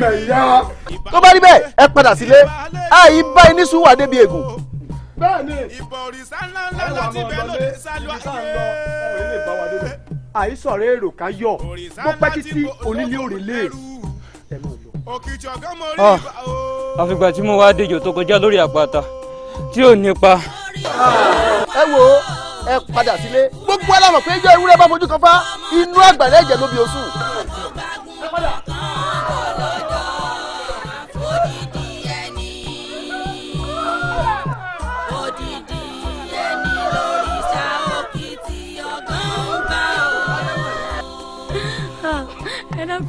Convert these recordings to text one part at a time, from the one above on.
mẹ̀yà. tó bá rí bẹ́ẹ̀ ẹ padà sílé àì bá iní sùn wà débi ègùn. bẹ́ẹ̀ni ìbọ̀rìṣà ńláńlá láti bẹ́ẹ̀ lóde sálọ ayé. àìsọ̀rọ̀ èrò ká yọ mo pẹ́ títí onílé òrèlé ah, àfìgbà tí mo wá dejò tó kọjá lórí àpáta tí ò nípa. Ah, ẹ wo ẹ padà sílé gbogbo ẹ la mọ̀ pé ijó ewúrẹ́ bá fojú kan fá inú àgbàlẹ̀ ẹ̀jẹ̀ ló bí oṣù.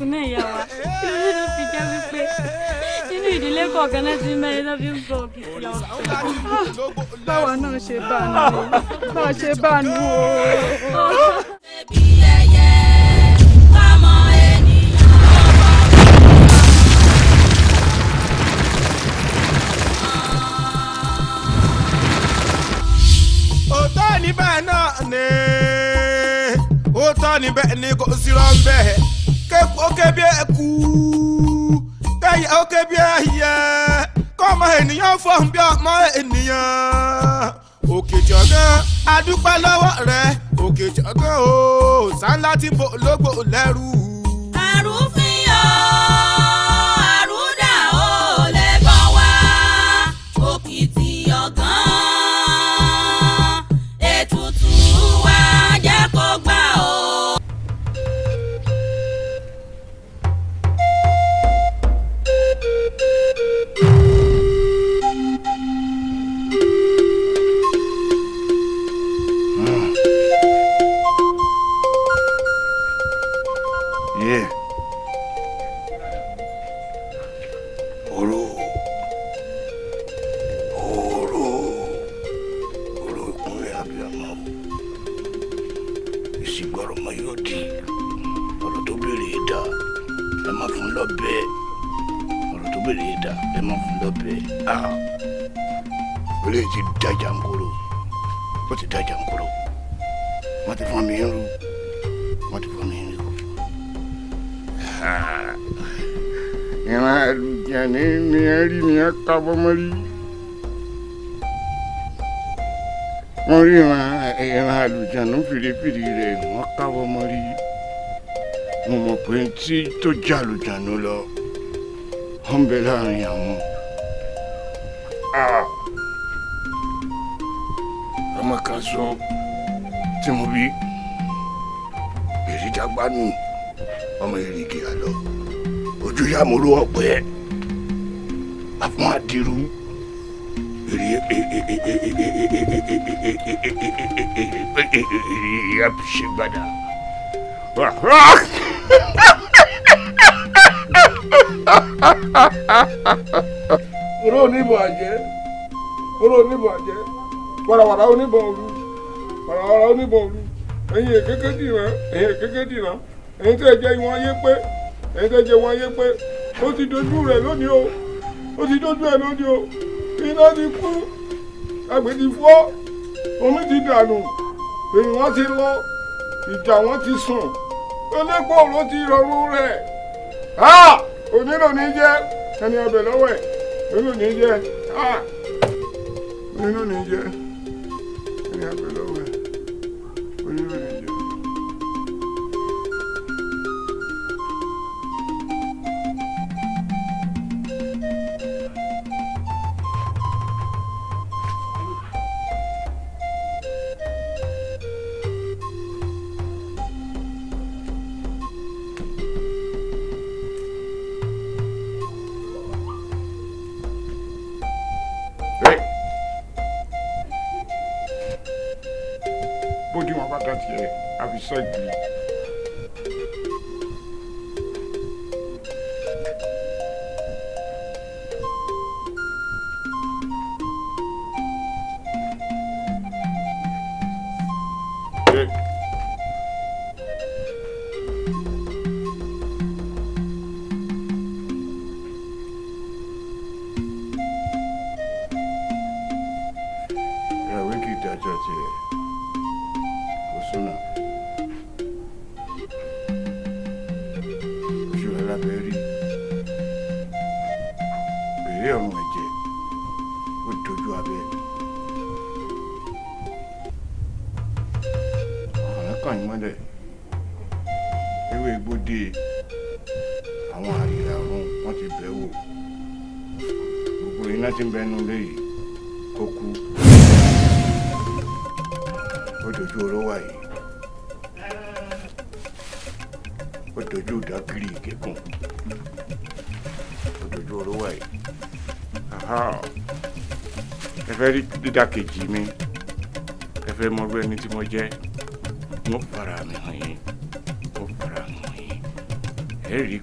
kú náà ìyá wa kí ló dé tó fi jẹ́ wípé nínú ìdílé kọ̀ọ̀kan náà ti mẹ́rin náà fi ń bọ̀ kí ìyá báwa náà ṣe bá a nù o báwa ṣe bá a nù o. ni òótọ́ níbẹ̀ ni kò sí rọ́ ń ókè bí ẹkú kẹyẹ ókè bí ẹyẹ kọ́mọ ènìyàn fọ́n bí ọmọ ènìyàn òkè jọ̀gán adúpẹ́ lọ́wọ́ rẹ̀ òkè jọ̀gán o sáńlá tí mo lógbò lẹ́rù. àrùn fi hàn. ju àlùjànnú lọ wọ́n ń bẹ láàrin àwọn. ọmọ kan sọ tí mo bí ìrìjàgbánu ọmọ ìrìgì àlọ ojú yàmúrú ọpẹ àfún àdìrú ìrì àpìṣègbàdà. oníbọn àjẹ́ wàràwàrà oníbọn òru wàràwàrà oníbọn òru ẹ̀yin èkéké dìran ẹ̀yin èkéké dìran ẹ̀yin tẹ́ jẹ́ wọn yé pé ẹ̀yin tẹ́ jẹ́ wọn yé pé ó ti dojú rẹ̀ lónìí o ó ti dojú ẹ̀ lónìí o iná ti kú agbè ti fọ́ omi ti dànù èyí wọ́n ti lọ ìjà wọ́n ti sùn onípò ló ti rọrùn rẹ̀ onírò ní jẹ́ ẹni ọbẹ̀ lọ́wọ́ ẹ̀ ní jẹ́ ah nínú nìyẹn ẹni àbẹ̀lọ́wọ́. side. mo jẹ́ mo fara mi hàn yín mo fara mi hàn yín ẹ̀rí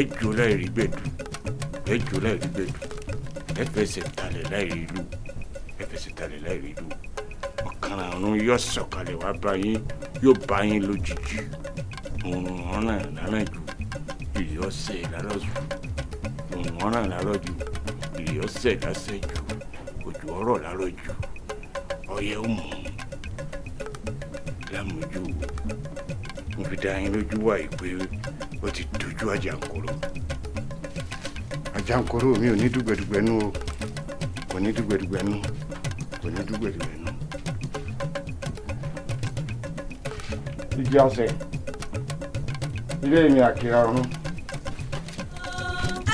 ẹ̀jọ́ láìrí gbẹ̀dù ẹ̀jọ́ láìrí gbẹ̀dù ẹ̀fẹsẹ̀ talẹ̀ láìrí ìlú ẹ̀fẹsẹ̀ talẹ̀ láìrí ìlú ọ̀kan àrùn yóò sọ̀kalẹ̀ wá bá yín yóò bá yín lójijì òun ọ̀nà lálàjù ìlú ọ̀sẹ̀ lálọ́jù òun ọ̀nà lálọ́jù ìlú ọ̀sẹ̀ lásẹ̀jù òjò ọ̀rọ̀ lálọ́jù. àjàǹkóró àjàǹkóró mi ò ní dùgbẹ̀dùgbẹ̀ nú o kò ní dùgbẹ̀dùgbẹ̀ nú kò ní dùgbẹ̀dùgbẹ̀ nú. ìjì ọ̀sẹ̀ ilé mi àkìrà ọ̀run.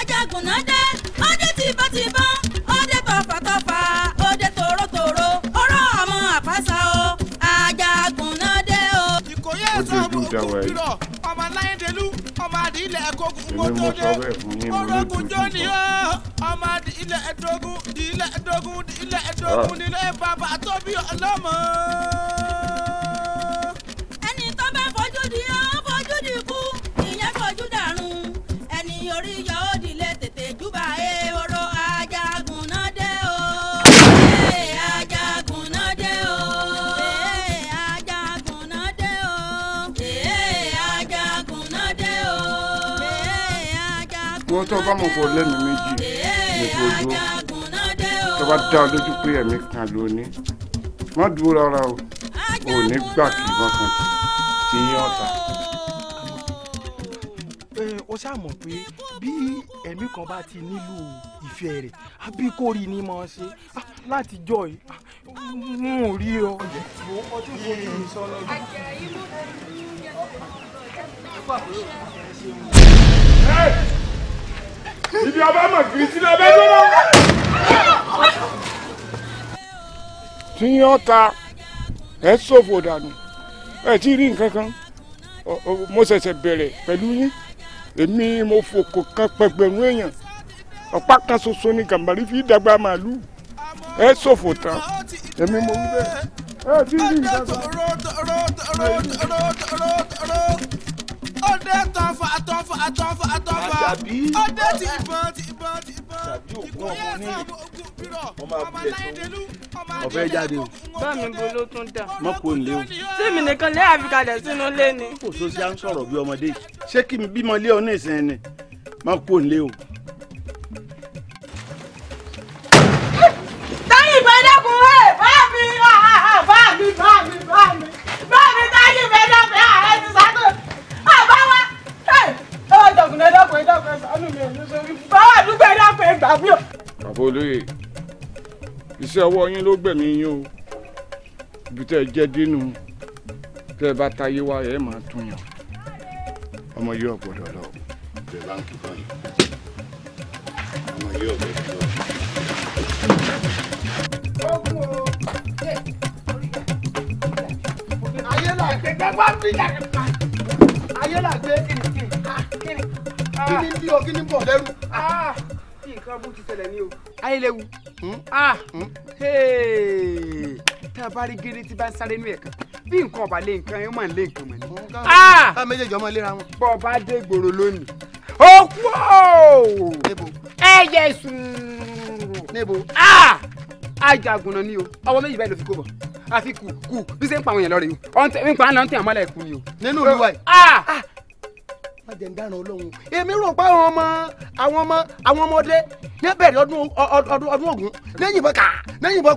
ajagun náà dé ilẹ̀ ẹ̀kọ́gun kó tó dé orókùn jóni ó ọmọ di ilẹ̀ ẹ̀dógún di ilẹ̀ ẹ̀dógún di ah. ilẹ̀ ẹ̀dógún nílé bàbá tó bí ìwọ tó o bá mọ̀ kó o lẹ́nu méjì ní kó o dúró tó bá dá lójú pé ẹ̀mí kan ló má dúró rárá o ò ní gbà kí wọ́n kan ti yín ọ̀tá. ó ṣàmọ̀ pé bí ẹ̀mí kan bá ti nílò ìfẹ́ rẹ̀ àbí kórìí ni mo ṣe ah, láti jọ yìí ah, n ò rí ọ. Hey! ibi ọba mọ̀ kiri sílẹ̀ ọba gbọ́dọ̀. tí yín ẹ ṣòfò dànù ẹ ti rí nǹkan kan mo ṣẹ̀ṣẹ̀ bẹ̀rẹ̀ pẹ̀lú yín èmi mo fòkò kan pẹgbẹ̀rún èèyàn ọ̀pá kan ṣoṣo ni gàmbàrí fi dàgbà màálù ẹ ṣòfò tán èmi mo wí bẹ́ẹ̀ ẹ ti rí nǹkan kan ọdẹ tọfà àtọfà àtọfà àtọfà ọdẹ ti ìbọn ti ìbọn ti ìbọn ìkúyẹ sáàbù ogun bírọ ọmọ aláìdẹlú ọmọ adéyẹlú bámi bo ló tún dà. mọ kò ní o. sẹ́mi nìkan lé àfikàlẹ̀ sínú ilé ni. kò tó ṣe à ń sọ̀rọ̀ bí ọmọdé ṣé kí n bímọ lé ọ ní ìsìn ni mọ kò ní o. táyì bẹ́ẹ̀ dẹ́kun ẹ̀ bá mi ah, ah, ah, bá mi bá mi bá mi bá mi táyì bẹ́ẹ̀ dẹ́kun. dàkún ẹ dàkún ẹ dàkún ẹ sànú mi ò ní sórí bá àdúgbò ẹ dàkún ẹ gbà mí o. bàbá olóye iṣẹ́ ọwọ́ yín ló gbẹ̀mí yín o ibi tẹ́ ẹ jẹ́ dínú tẹ́ ẹ bá tayé wá ẹ máa tún yàn ọmọ yìí ọ̀gbọ̀dọ̀ lọ bẹ̀ báńkì báyìí ọmọ yìí ọ̀gbọ̀dọ̀ lọ. ayé làgbé ayé làgbé kí ni bí o kí ni bọ̀ lẹ́rù. Ah, ah, kí nǹkan bú ti ṣẹlẹ̀ ní o. ayélewu hmm? ah, hmm? tá a bá rí gèrè tí bá sáré nú ẹ̀ kan bí nǹkan ọba lé nǹkan yóò máa lé nǹkan mọ̀ ní. ká méjèèjì ọmọ ìlera wọn. bọ́ bá dé gbòòrò lónìí. ó kú ó. níbo. ẹ yẹ sùúrù. níbo. ajagunna ni o ọwọ́ méjì báyìí ló fi kó bọ̀ àfi kù kù bí sẹ́ àwọn èèyàn lọ́rẹ̀ yìí ọ̀n tẹ̀ ń pa àná ń tẹ̀ àmọ́lẹ̀ kù ni o. nínú ìlú yìí má jẹ́ èmi rò pé àwọn ọmọ àwọn ọmọ àwọn ọmọdé yẹn bẹ̀rẹ̀ ọdún ọdún ọdún ogun lẹ́yìn bọ́ lẹ́yìn bọ́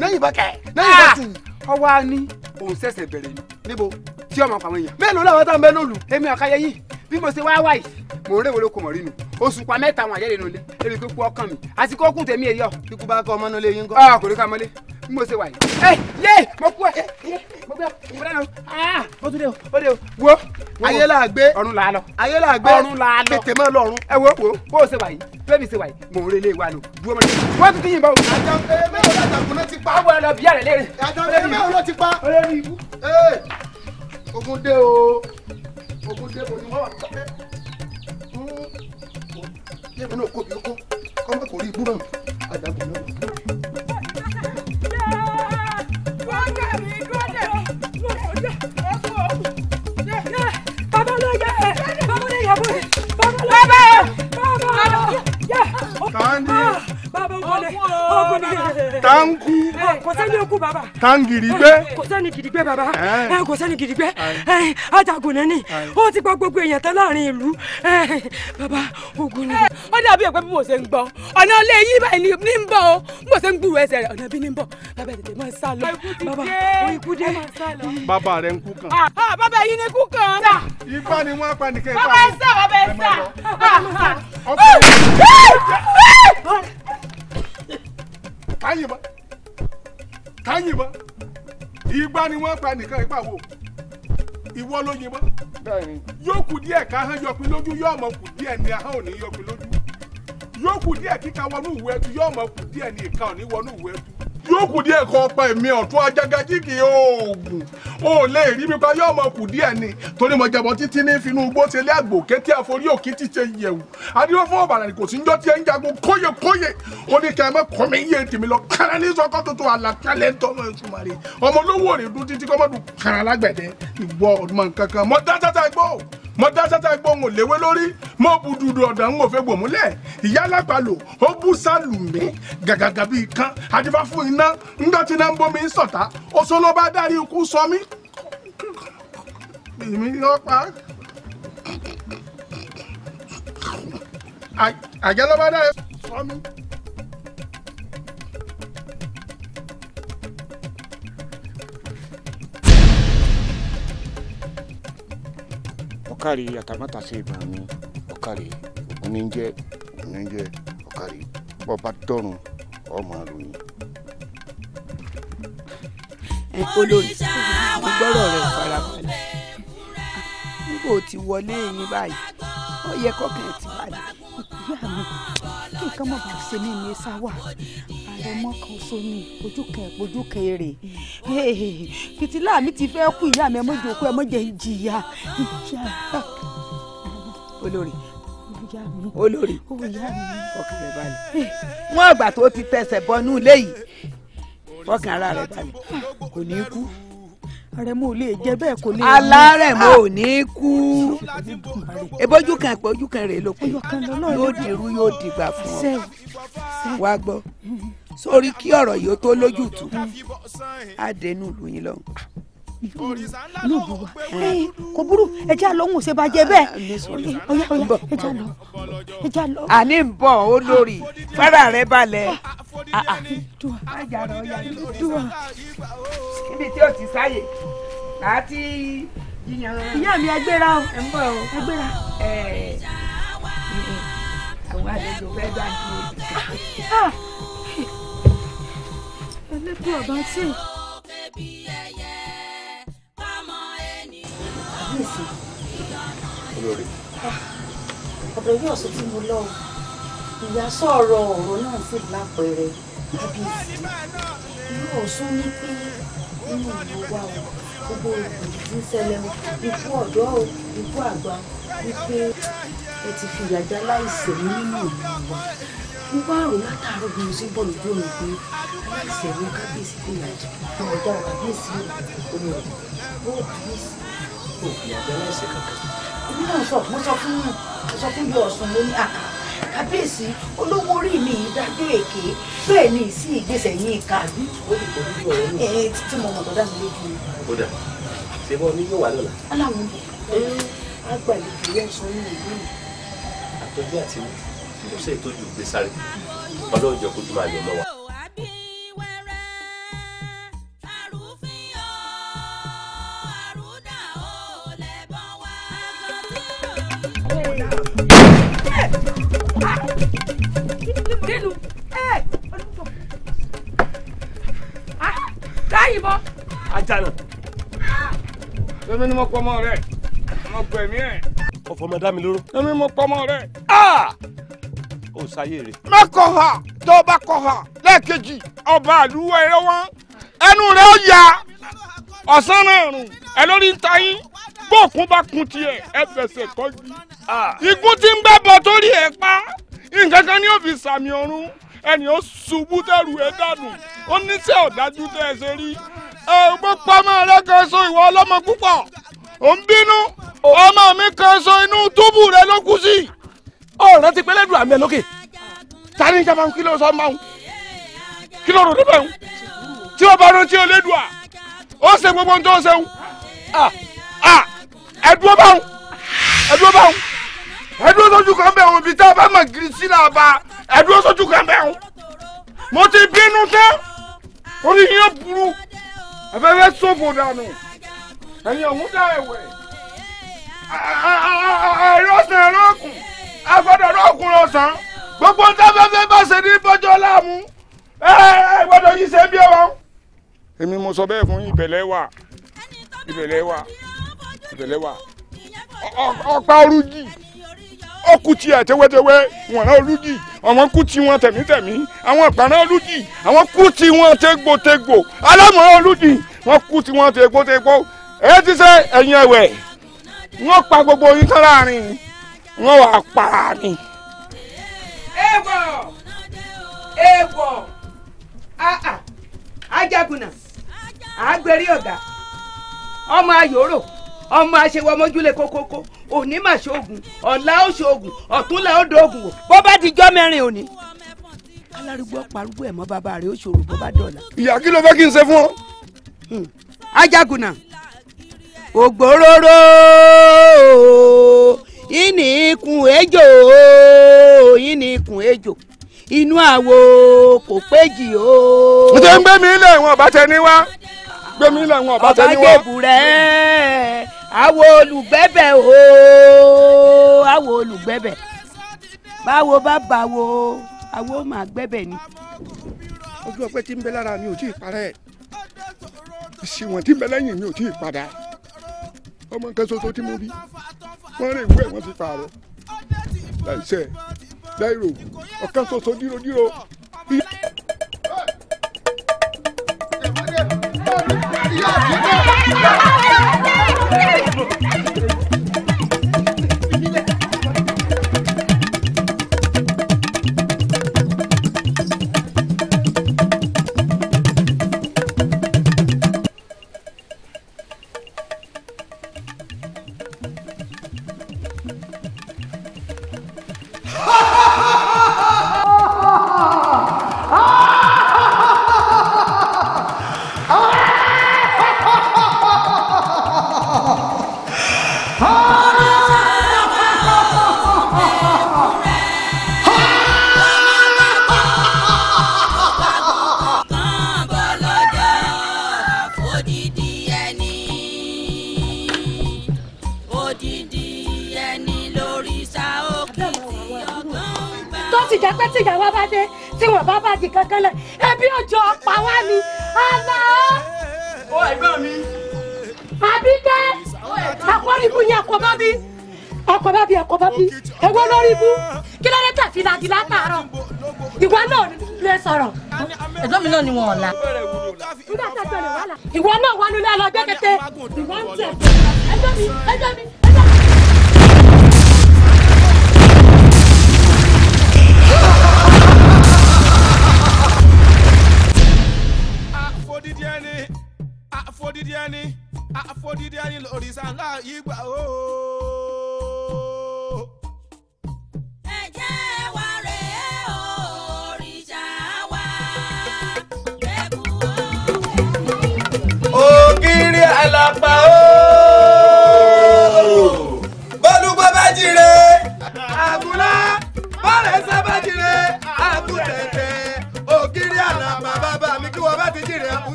lẹ́yìn bọ́ lẹ́yìn bọ́ ah! ọwọ́ a ní òun ṣẹ̀ṣẹ̀ bẹ̀rẹ̀ ni níbo tí ọmọ àpamọ́ yẹn. mélòó làwọn tá ń bẹ lólu. èmi ọ̀káyẹ yìí bí mo ṣe wá wáyì mò ń rèwé lóko mọ̀ rínu oṣù pa mẹ́ta àwọn àyẹ̀lẹ̀ nulẹ̀ èmi kò kú ọkàn mi ah, mo ṣe wáyì. mo kú mo gbé mo dáná o ah! tún dé o ó dé o. wo ayé làá gbé ọ̀run làá lọ ayé la gbé ọ̀run la lọ tètè mọ lọ́run ẹ wo wo bó o ṣe wà yìí bébì ṣe wà yìí mò ń relé wa lò dúró mọ ní. wọ́n ti yìnbọn o. àjàǹfẹ́ mẹ́wọ̀n làjàǹfẹ́ ló ti pa. àwọn ẹ̀rọ bíi àrẹ̀lẹ̀ rẹ̀. àjàǹfẹ́ mẹ́wọ̀n ló ti pa. ee ogun dé o ogun dé o ni wọ́n wà ní yẹ́n mi náà kó bí ó kó kọ́mọ́kò rí ibú náà àjàǹfẹ́ náà. tandi ah, baba wọlé ogun ni tanku eh, kò sẹ́ni okú baba tangirigbe eh, kò sẹ́ni gidigbe baba eh. kò sẹ́ni gidigbe ajagun nani ó ti gba gbogbo èèyàn tán láàrin ìlú baba ogun ni. ó dàbí ẹ̀pẹ́ bí mo ṣe ń gbọ́ ọ̀nà ilé yìí báyìí ní ń bọ̀ o mo ṣe ń gbúrò ẹsẹ̀ rẹ̀ ọ̀nà bí ní ń bọ̀ bàbá ẹ̀ tètè máa sá lọ bàbá ikú dé bàbá rẹ̀ ń kú kan. Ah, ah, bàbá yìí ni kú kan. ifá ni wọ́n pa nìkan ifá ni. bàbá ẹ sá bàbá ẹ sá káyìnbọn káyìnbọn ìgbà ni wọ́n pa nìkan ìgbà wo ìwọ ló yìnbọn yóò kù díẹ̀ ká hán yọpin lójú yóò mọ̀ kù díẹ̀ ni ahán ò ní yọpin lójú yóò kù díẹ̀ kíka wọnú ìwé ẹtù yóò mọ̀ kù díẹ̀ ni ìka ò ní wọnú ìwé ẹtù yóò kù díẹ̀ kan ọ̀pá ẹ̀mí ọ̀tún ajagají kì í oògùn ó lè rí mi pa yóò mọ kù díẹ̀ ni torí mo jẹ̀bọ̀ títí ní finú igbó ti ilé àgbò kété àforí òkè ti ṣe yẹ̀wù adíwọ́ fún ọ̀bàrà kò sí njọ́ tí ẹ ń jagun kóyè kóyè ó ní kẹ́ ẹ mẹ́kọ́ mi yé tèmi lọ kára ní sọkọ́ tuntun àlàkalẹ̀ ń tọ́mọ ẹ̀sùn màrí ọmọ olówó rè dún títí kọ́mọ́dún kára lágbẹ̀dẹ ìgbọ́ ọdún kankan mọ́ dá sátá gbọ́ mo dá sátá gbọ́ ń léwé lórí mo bu dudu ọ̀dà ń wò fẹ́ gbòmúlẹ̀ ìyá alápàlò ó bú sálùmí gàgàgà bíi kán adífá fún ná ńgbà tí ná ń bomi ń sọ̀tá oṣù ló bá dárí ikú sọ mí èmi yóò pa àjẹ́ ló bá dárí sọ mí. ọ̀kàrí àtàmátà ìbọn mi ọ̀kàrí ògùn ní jẹ́ ògùn ní jẹ́ ọ̀kàrí bọ́ọ̀ bá dọ́rùn ọmọ àròyìn olórí mo gbọ́rọ̀ rẹ̀ farabalẹ̀ nígbà ó ti wọlé yín báyìí ó yẹ kọ́kàn ẹ̀ ti balẹ̀ ìyá mi kí nǹkan mọ̀ bá ṣe ní ilé sáwà ààrẹ mọ́kàn so ní ojú kan ojú kan èrè fìtílà mi ti fẹ́ kú ìyá mi ẹ mọ́jọ kú ẹ mọ́jẹ olórí olórí ọkàn rẹ balẹ̀ wọ́n àgbà tó ti tẹsẹ̀ bọnú ilé fọkàn ara rẹ balẹ̀ kò ní kú àrẹ̀mọ ò lè jẹ bẹ́ẹ̀ kò lè. alárẹ̀mọ ah! ò ní kú ebójú kan pé ojú kan rèé ló pé yóò dirú yóò dìgbà fún ọ wá gbọ́ sórí kí ọ̀rọ̀ yìí ó tó lójútùú á hmm. dénú yín lọ́hùn lóògùn wa kò burú ẹja lọ ń wò ṣe bá jẹ bẹ́ẹ̀ ọyá ọyá ẹja lọ àní ń bọ̀ ó lórí fara rẹ balẹ̀. Ah! àjàrà ọ̀yà dúdúwà. níbi tí o ti sáyè láti yíyan. ìyá mi ẹ gbéra o ẹ ń bọ̀ o ẹ gbéra. àwọn àlejò fẹ́ gbà ní ojú. ẹlẹ́kùn ọ̀bá sí. Ah. Ah. olórí ọ̀dọ̀ yóò sọ fún mi lọ́wọ́ ìyá ọ̀rọ̀ náà sì lápẹẹrẹ kábíyèsí yóò sún ní pé inú ìlú wa o gbogbo ìgbòdì tí ń ṣẹlẹ̀ o ikú ọ̀dọ́ o ikú àgbà wípé ẹ ti fi ìyà jẹ nínú ìlú wa mo wá rò látàárọ̀ bí mo ṣe ń bọ̀ lójú òní pé aláìṣẹ̀mí kábíyèsí kò yà jẹ ọ̀dà kábíyèsí omi ọ̀dọ́ kábíyèsí kò yà jẹ aláìṣẹ̀ kankan. èmi náà sọ mo sọ fún mi sọ fún bí ọ̀sán lónìí àkàrà kábíyèsí olówó orí mi dájú èké bẹ́ẹ̀ ni ìsí ìgbésẹ̀ yín ká ẹ títí mo mọ̀ tó dá mi lójú. ó dà ṣé bọ́ ní yóò wá lọ́la. aláwọn agbàlejò yẹn sọ ní ìlú mi. àtọ́jú àti kò sí ìtọ́jú ìgbésáré ọlọ́run jọ kójú máa yọ mọ́ wa. Yeah nínú ẹ olùkọ́ káyìí bọ́. ajana. lómi ni mo pọ ọmọ mo gbẹmí ẹ. ọ̀fọ̀ máa dá mi lóró. lómi ni mo pọ ọmọ rẹ. Ah! o bá kọ̀ hà lẹ́ẹ̀kejì ọba àlùwẹ̀ rẹ wọ́n ẹnu rẹ̀ ó ya ọ̀sán náà rùn ẹ lórí ń ta yín bókun bá kun tiẹ̀ ẹ fẹsẹ̀ kọ́jú. Ah. ikú ń bẹ́ bọ torí ẹ̀ pa nǹkan ni ó fi sàmì ọ̀run ẹni ó ṣubú tẹ̀rù ẹ̀ dànù ó níṣẹ́ ọ̀dájú ẹ ṣe rí. ẹ bó pamọ́ rẹ kan so ìwọ ọlọ́mọ púpọ̀ ò ń bínú ọmọ mi kan so inú túbù rẹ ló kú sí. ọ̀rẹ́ ti pẹ́lẹ́ dùn àmì ẹ̀ lókè ta ni ìjàmbá kí ló sọ máa ń kí rò níbẹ̀ ń tí ó bá rántí Elédùà ó ṣe gbogbo ohun tó ṣe ń. Ah, ah ẹdúró báwọn ẹdúró báwọn ẹdúró sójú kan bẹ́ẹ̀ òbí tá a bá mọ̀ gírí sí náà bá ẹdúró sójú kan bẹ́ẹ̀ o mo ti bínú tán orí yín burú afẹ́fẹ́ ṣòfò dànù ẹ̀yin ọ̀hún dá ẹ̀wẹ̀ ẹ̀rọ̀sán ẹ̀rọ̀kùn agbọ́dọ̀ ẹ̀rọ̀kùn lọ́sàn gbogbo ntẹ́fẹ́fẹ́ bá ṣe ní bọ́jọ́ láàmú ẹ̀ gbọ́dọ̀ yìí ṣe bí ọ̀hún. èmi mo sọ bẹ́ẹ̀ fún ìbẹ̀lẹ́ wa ìbẹ̀lẹ́ wa ìbẹ̀lẹ̀ wa ọ̀pá orújì ó kú tiẹ̀ tẹ́wẹ́tẹ́wẹ́ wọ̀nà orújì àwọn kú ti wọn tẹ̀mítẹ̀mí àwọn ìpàrọ̀ orújì àwọn kú ti wọn tégbòtégbò alámọ̀ orújì wọn kú ti wọn tégbòtégbò èyí ti sẹ́ ẹ̀yìn ẹ̀wẹ̀ wọn pa gbogbo yín tán láàrin wọn wà para mi. èèwọ̀ èèwọ̀ àà ajagunà àgbèrè ọ̀gá ọmọ ayòrò ọmọ àṣewọmọjúlẹ kókókó òní mà ṣoògùn ọ̀la ó ṣoògùn ọ̀túnla ó dóògùn wò bó bá ti jọ́ mẹ́rin òní. alárúgbó parúgbó ẹ̀ mọ́ bàbá rẹ̀ ó ṣòro bó bá dọ̀la. ìyá kí ló fẹ́ kí n ṣe fún ọ. Hmm. ajagunà ògbóróró ìní ikùn ejò ìní ikùn ejò inú àwo kò péjì o. ǹjẹ́ ń gbé mi ilé ìwọ̀n bá tẹ ní wá gbẹmí lẹ́wọ̀n ọba tẹ́lẹ̀ wá. ọba gèbù rẹ̀ àwọn olùgbẹ́bẹ̀ ooo àwọn olùgbẹ́bẹ̀ báwo bá bá àwọn ọmọ àgbẹ́bẹ̀ ni. ojú ọpẹ tí ń bẹ lára mi ò tí ì parẹ́ ìṣìwọ̀n tí ń bẹ lẹ́yìn mi ò tí ì padà ọmọ nǹkan tí mo rí wọn rè wú ẹ wọn fi pààrọ̀ láìṣẹ̀ láìrò ọ̀kan ṣoṣo dírodíro. Thank you.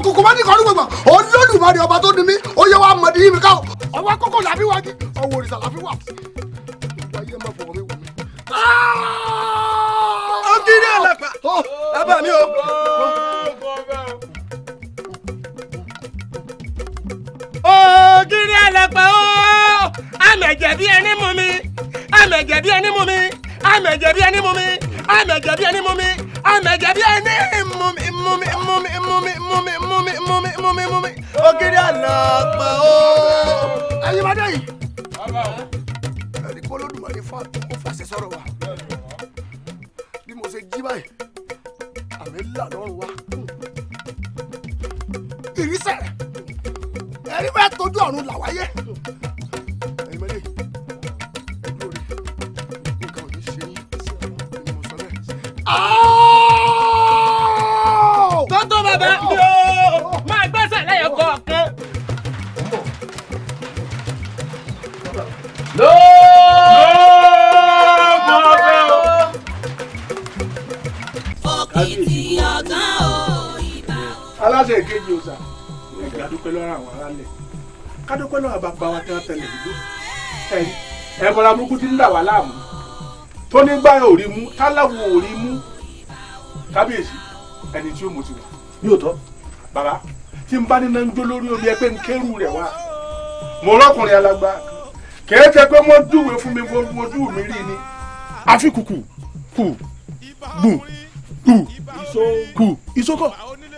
òkùnkùn má ní kọ́ ní gbogbo olódùmarè ọba tó ní mí ó yẹ wá mọ̀dí yín mi ká o ọwọ́ kókó làbí wá dí ọwọ́ òrìṣà làbí wà sí ayé má fọwọ́ mi wọ̀ mí. ó ti rí ẹlẹ́pà ẹ̀bà mi o. ògiri ẹlẹ́pà o àmẹ̀jẹ̀ bí ẹni mú mi àmẹ̀jẹ̀ bí ẹni mú mi àmẹ̀jẹ̀ bí ẹni mú mi àmẹ̀jẹ̀ bí ẹni mú mi mẹ̀jẹ̀ bí ẹni ìmumi ìmumi ìmumi ìmumi ìmumi ìmumi ìmumi ìmumi ìmumi ògiri àná pa ó. ẹyin bá dé yìí. ẹni kó lódùmarè fún àkókò fàṣẹ sọ̀rọ̀ wa bí mo ṣe jí báyìí àmì ńlá lọ́rùn wa. ìrísẹ̀ ẹ̀rí bẹ́ẹ̀ tójú ọ̀run làwáyé. aláṣẹ ìkejì òòsà ní ìdádúpẹ́ lọ́rọ̀ àwọn aráàlẹ̀ kádúpẹ́ lọ́rọ̀ bàbá wa tán tẹ̀lé ìlú ẹ̀rí ẹ̀bọ̀ra burúkú ti ń dà wá láàmú tó nígbà ò rí mú táláwo ò mú kábíyèsí ẹni tí ó mo ti wà. yóò tọ́. bàbá tí n bá ní náà lórí omi ẹgbẹ́ ń kẹ́rù rẹ̀ wá mo rọ́kùnrin alágbá kẹ́ẹ́ tẹ pé mo dùwẹ̀ fún mi mo dùwù mi rí ni. àfi kùkù kù gbù kù kù ìsókò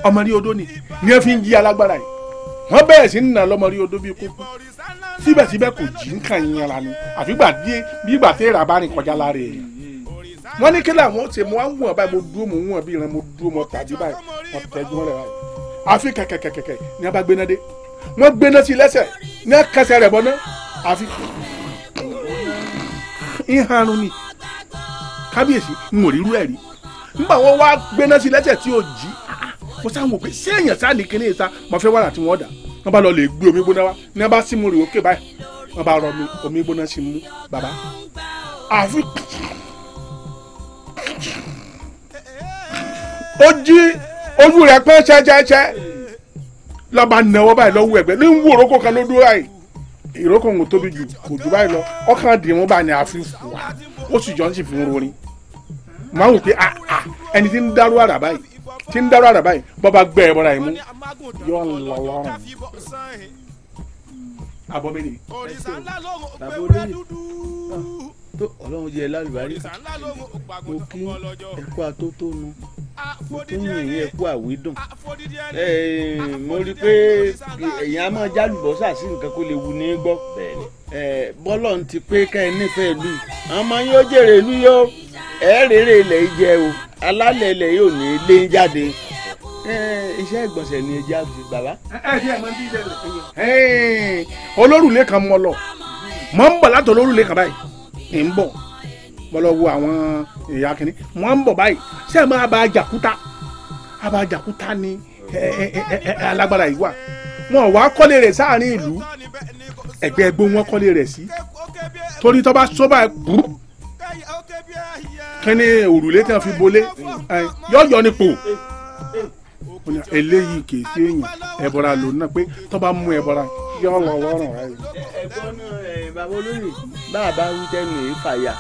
ọmọ rí odó ni ni ẹ fi ń jí alágbára yìí wọ́n bẹ̀rẹ̀ sí nà lọ́mọ rí odó bíi kókó síbẹ̀síbẹ̀ kò jí nǹkan yẹn la ni àfìgbà bí ìgbà tí èrà bá rìn kọjá lára èèyàn wọ́n ní kí làwọn ṣe mo wá ń báyìí mo dúró mo ń wọ̀n bí ìran mo dúró mo tàbí báyìí mo tẹ́jú mọ́lẹ̀ báyìí àfi kẹ̀kẹ̀kẹ̀kẹ̀ ni wọ́n bá gbéná dé wọ́n gbéná sí lẹ́sẹ̀ ní kẹsẹ̀ rẹ̀ bọ́ná àfi ìharun ni kábíyèsí n ò rí irú ẹ̀ rí nígbà wọn wá gbéná sí lẹ́sẹ̀ tí ò jí mo sá wò pé ṣé èèyàn sá ní kíní ìta mo fẹ́ wàrà tí wọ́n dà wọ́n bá lọ lè gbé omi gbóná wá ní wọ́n bá sí mu rè ókè báyìí wọ́n bá rọ omi gbóná sí mu bàbá àfi ó jí ojú rẹ̀ pé ṣẹ́ṣẹ́ṣẹ́ lọ́ba nàwọ́ báyìí lọ́wọ́ ẹ̀gbẹ́ ní wò rókò kan ló dúró báyìí ìrókò ń tóbi jù kò jù báyìí lọ ọkàn dìímú bá ní àfi wà ó sì jọ ń sì fi ń rorin máa wò pé ah, ah, ẹni tí ń dárú àrà báyìí tí ń dárò àràbá yìí bọ́ bá gbẹ́ ẹ bọ́ra yìí mú yọ lọ lọ́rùn. àbọ̀ mi nìyí tó ọlọ́run jẹ́ lálùbárí mo kí ẹ̀kú atótónu mo tún yìnyín ẹ̀kú àwídùn mo rí i pé èèyàn á máa jálùbọ́sà sí nǹkan kó lè wù ní gbọ́ bọ́lọ̀ ń ti pé ká ẹ nífẹ̀ẹ́ ìlú àmọ́ yóò jèrè ìlú yóò ẹ rèrè ilẹ̀ ìjẹ o alálẹ̀ ilẹ̀ yóò ní ilé jáde iṣẹ́ ìgbọ̀nsẹ̀ ni ẹja fi bàbá. olórùlé kan mọ lọ mọ ń bọ̀ látọ̀ olórùlé kan báyìí ń bọ̀ mo lọ wo àwọn ìyá kìnní mo ń bọ̀ báyìí ṣé ẹ máa bá àjàkúta àbá àjàkúta ni alágbára yìí wà wọn ò wá kọ́lé rẹ̀ sáàrin ìlú ẹ̀gbẹ́ ẹgbó wọn kọ́lé rẹ̀ sí torí tó bá sọ́bà burú kí ni òrùlé tí wọn fi bolé yọ̀ọ̀yọ̀ nípò eléyìí kì í sí èèyàn ẹ̀bọ̀ra lòun náà pé tó bá mú ẹ̀bọ̀ra yìí yọ lọ lọ́rùn rẹ. ẹ̀gbọ́n bàbá olóyè bàbá ń tẹnu ìfàyà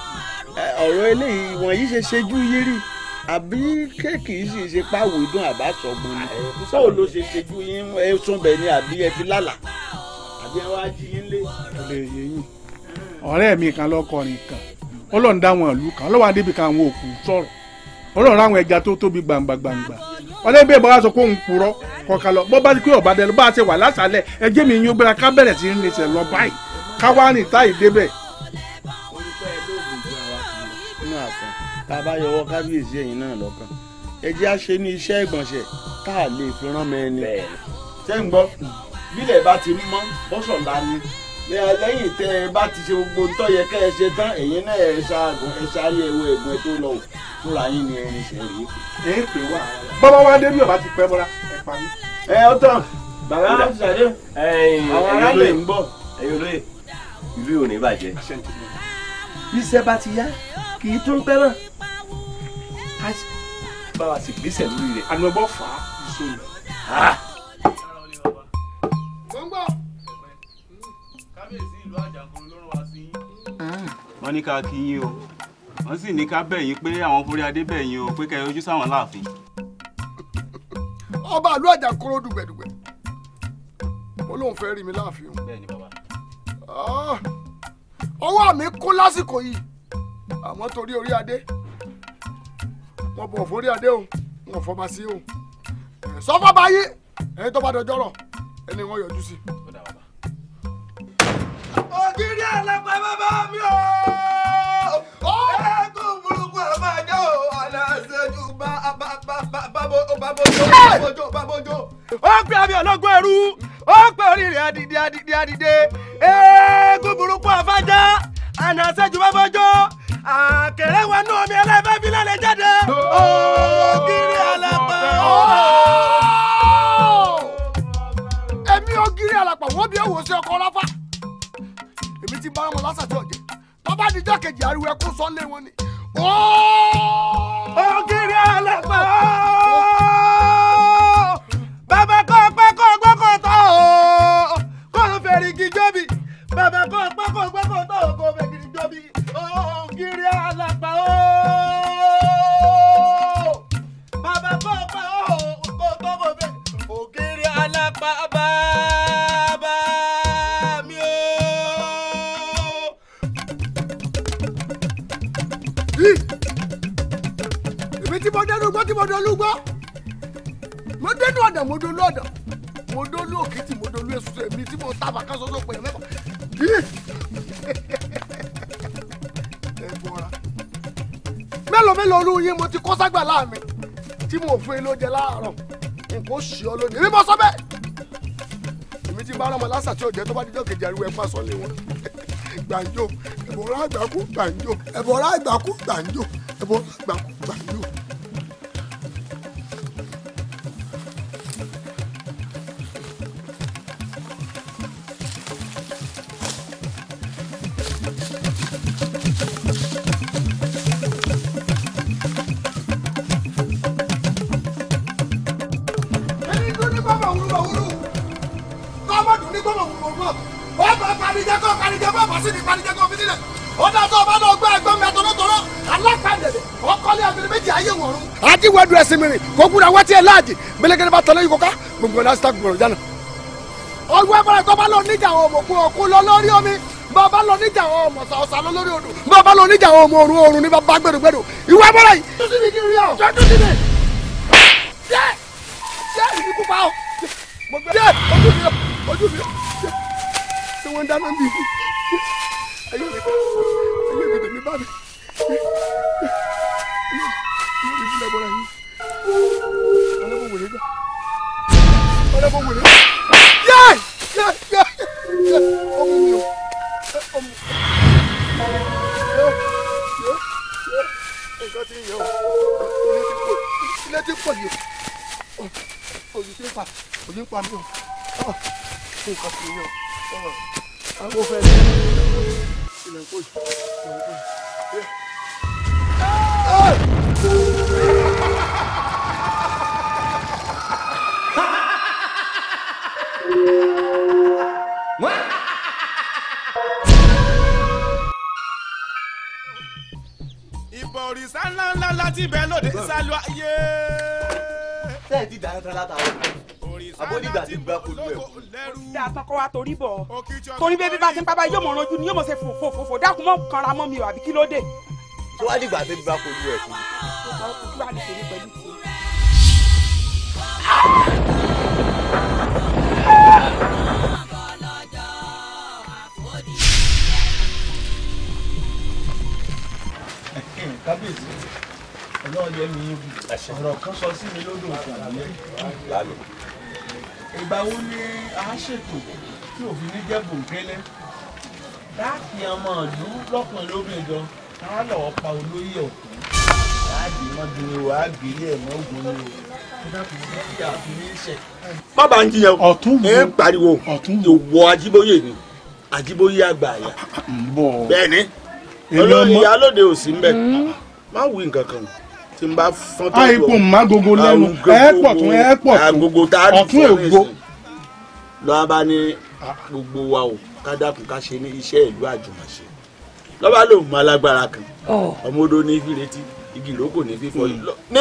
ọ̀rọ̀ eléyìí wọ̀nyí ṣe ṣẹ́jú yírí àbí kéèkì yìí sì ṣe páwò dùn àbá sọ̀gbọ́n ni báwo ló ṣe ṣẹ́jú yín ẹ sún bẹ̀ ni àbí ẹ fi lálà àbí ẹ wá jí yín lé. ọ̀rẹ́ mi kan lọ́kọrin kan ó lọ́n dá wọn ìlú kan ọlọ́wà débi kan àwọn òkú sọ̀rọ̀ ọlọ́run ráwọn ẹja tó tóbi gbangba gbangba ọlẹ́bí ìbọn wa sọ pé òun purọ́ kọ̀ọ̀kan lọ bọ́ bá ti pé ọ̀bá dẹ bá a ṣe wà lásàlẹ̀ ẹjẹ́ mi yín gbéra ká bẹ̀rẹ̀ sí ní ṣe lọ báyìí ká wá rìn táyì débẹ̀. bàbá yọwọ́ kábíyèsí ẹ̀yìn náà lọ́kàn ẹjẹ́ á ṣe ní iṣẹ́ ìgbọ̀nsẹ̀ tá lè fi rán mẹ́ni. ṣé ń gbọ́ bílẹ̀ bá ti mọ́ bọ́sọ̀lá ni lẹ́yìn tẹ́ ẹ bá ti ṣe gbogbo ntọ́ yẹ kẹ́ ẹ ṣe tán ẹ̀yin náà ẹ̀ ṣáàgùn ẹ̀ ṣáàyẹ̀wò ẹ̀gbọ́n tó lọ múra yín ni ẹni ṣe rí. ẹ pè wá bàbá wa dé bí ọba ti pẹ́ bọ́ra ẹ pa mí. ẹ ọ tán bàbá wa ti sàdé àwọn aráàlú ń bọ̀ ẹ̀yin olóye ìlú ò ní bàjẹ́. bí iṣẹ́ bá ti yá kì í tún pẹ́ náà bá wa sì gbèsè lórí rẹ̀. àná ẹbọ fà á so lọ. gbọ́ngbọ́. kábíyèsí ìlú àjàkúrú ló rán wa sí. Ah. wọ́n ní ká kí yín o wọ́n sì ní ká bẹ̀yìn pé àwọn forí adé bẹ̀yìn o pé kẹ́ ojú sáwọn láàfin. ọba àlú àjà kóró dùgbẹ̀dùgbẹ̀ ó lóun fẹ́ rí mi láàfin o. bẹ́ẹ̀ ni bàbá. Ah, ọwọ́ mi kún lásìkò yìí àmọ́ torí orí adé wọn bọ̀ forí adé o wọn fọba sí o sọfọ bá yé ẹni tó bá dọjọ́ rọ̀ ẹni wọn yọjú sí. ògiri ẹlẹgbẹ bàbá mi o. ó pe àmì ọlọ́gbọ́n ẹrú ó pe oríire adìde adìde adìde eégún burúkú afájá àná sẹ́jú bábọ́jọ́ àkèrè wọnú omi ẹlẹ́fẹ́ fi lálẹ́ jáde ògiri àlàpà. èmi ògiri àlàpà wọ́n bí ẹ̀wò sí ọkọ̀ ọlọ́fà èmi ti bá wọn lásàtì ọ̀jẹ̀ tọ́ba díjọ́ kejì ariwo ẹkún sọ́lé wọn ni ògiri àlẹ́pẹ́ bàbá kọ́ pẹ́ kọ́ gbọ́kọ̀ tọ́ kó o fèrè igi jóbi bàbá kọ́ pẹ́ kọ́ gbọ́kọ̀ tọ́ kó o fèrè igi jóbi ògiri àlẹ́pẹ́ bàbá kọ́ pẹ́ kọ́ gbọ́kọ̀ tọ́ kó o fèrè ògiri àlẹ́pẹ́. àmọ́ tí mo dolú gbọ́ mo dénú ọ̀dà mo dolú ọ̀dà mo dolú òkìtì mo dolú èso èmi tí mo ta bàkà sọ́sọ́ pè é mẹ́fà bí ẹ gbọ́ra mélòó mélòó olú yín mo ti kọ́ ságbà láàmì tí mo fún yín ló jẹ láàárọ̀ nǹkan ó ṣì lónìí èmi mo sọ bẹ́ẹ̀ èmi ti bá ọmọ lásà tí ò jẹ́ tó bá dídọ́ kejì ariwo ẹ̀ pa sọ́lé wọn gbàǹjo ẹ̀bọ̀rọ̀ àgbàkú gbàǹjo ẹ̀bọ̀rọ̀ àgbàkú gbàǹjo ẹ̀bọ̀rọ̀ àgbàkú gbàǹjo. gbèrè kò kúra wọ́tí ẹ̀ láàjì gbẹlẹgẹlẹ bá tọ́lẹ́ yìí kọ́ká gbòǹgbò láti ta gbòǹgbò jánà. ọgbọ́n ẹ̀fọ́rẹ́ tó bá lọ níjà àwọn ọmọkùn ọ̀kú lọ lórí omi bá bá lọ níjà àwọn ọmọ ọ̀sà ọ̀sà lọ lórí odò bá bá lọ níjà àwọn ọmọ òrùn òrùn ní bá bá gbèrò gbèrò ìwé ẹ̀fọ́rẹ́ yìí. tó sì ní kí n rí ọ. tó sì ní. jẹ́ jẹ́ ìdíkú pa ọ. jẹ́ ojú mi ojú mi. ṣé wọ́n dáná bíi. torí bọ̀ torí bébí bá ti ń pápá yóò mọ̀ ranjú ni yóò mọ̀ ṣe fòfòfò dákun mọ́ kanra mọ́ mi ò àbí kí ló dé. tó wá dìgbà tó bá kojú ẹ kú. kábíyèsí ọlọ́ọ̀yẹ́ mi ọ̀rọ̀ kan sọ sí mi lódò ìfàlẹ́ ìgbà wo ni a ṣètò tí òfin ní jẹ́ bòńkẹ́lẹ́ dáàkì ọmọ ìlú lọ́kùnrin lóbìnrin gan ká lọ́wọ́ pa olóyè ọ̀tún láàbì mọ́jú ni wàá gbélé ẹ̀ mọ́ ògùn ni o má bàa ń jiyàn ọ̀tún wo ẹ pariwo ìwọ ajíbóyè ni ajíbóyè àgbà àyà bẹ́ẹ̀ ni olóyè alóde òsì ń bẹ hmm? má wí nǹkan kan tí n bá fọ́n tó lọ àìpọ̀ má ẹ pọ̀ tún ẹ pọ̀ tún ọ̀tún ègbò lọ́wọ́ bá ní gbogbo wa ò ká dákun ká ṣe ní iṣẹ́ ìlú àjùmọ̀ṣe lọ́wọ́ bá lòun mọ alágbára kan ọmọ ní fi igi ìrókò ní fífọ́ ní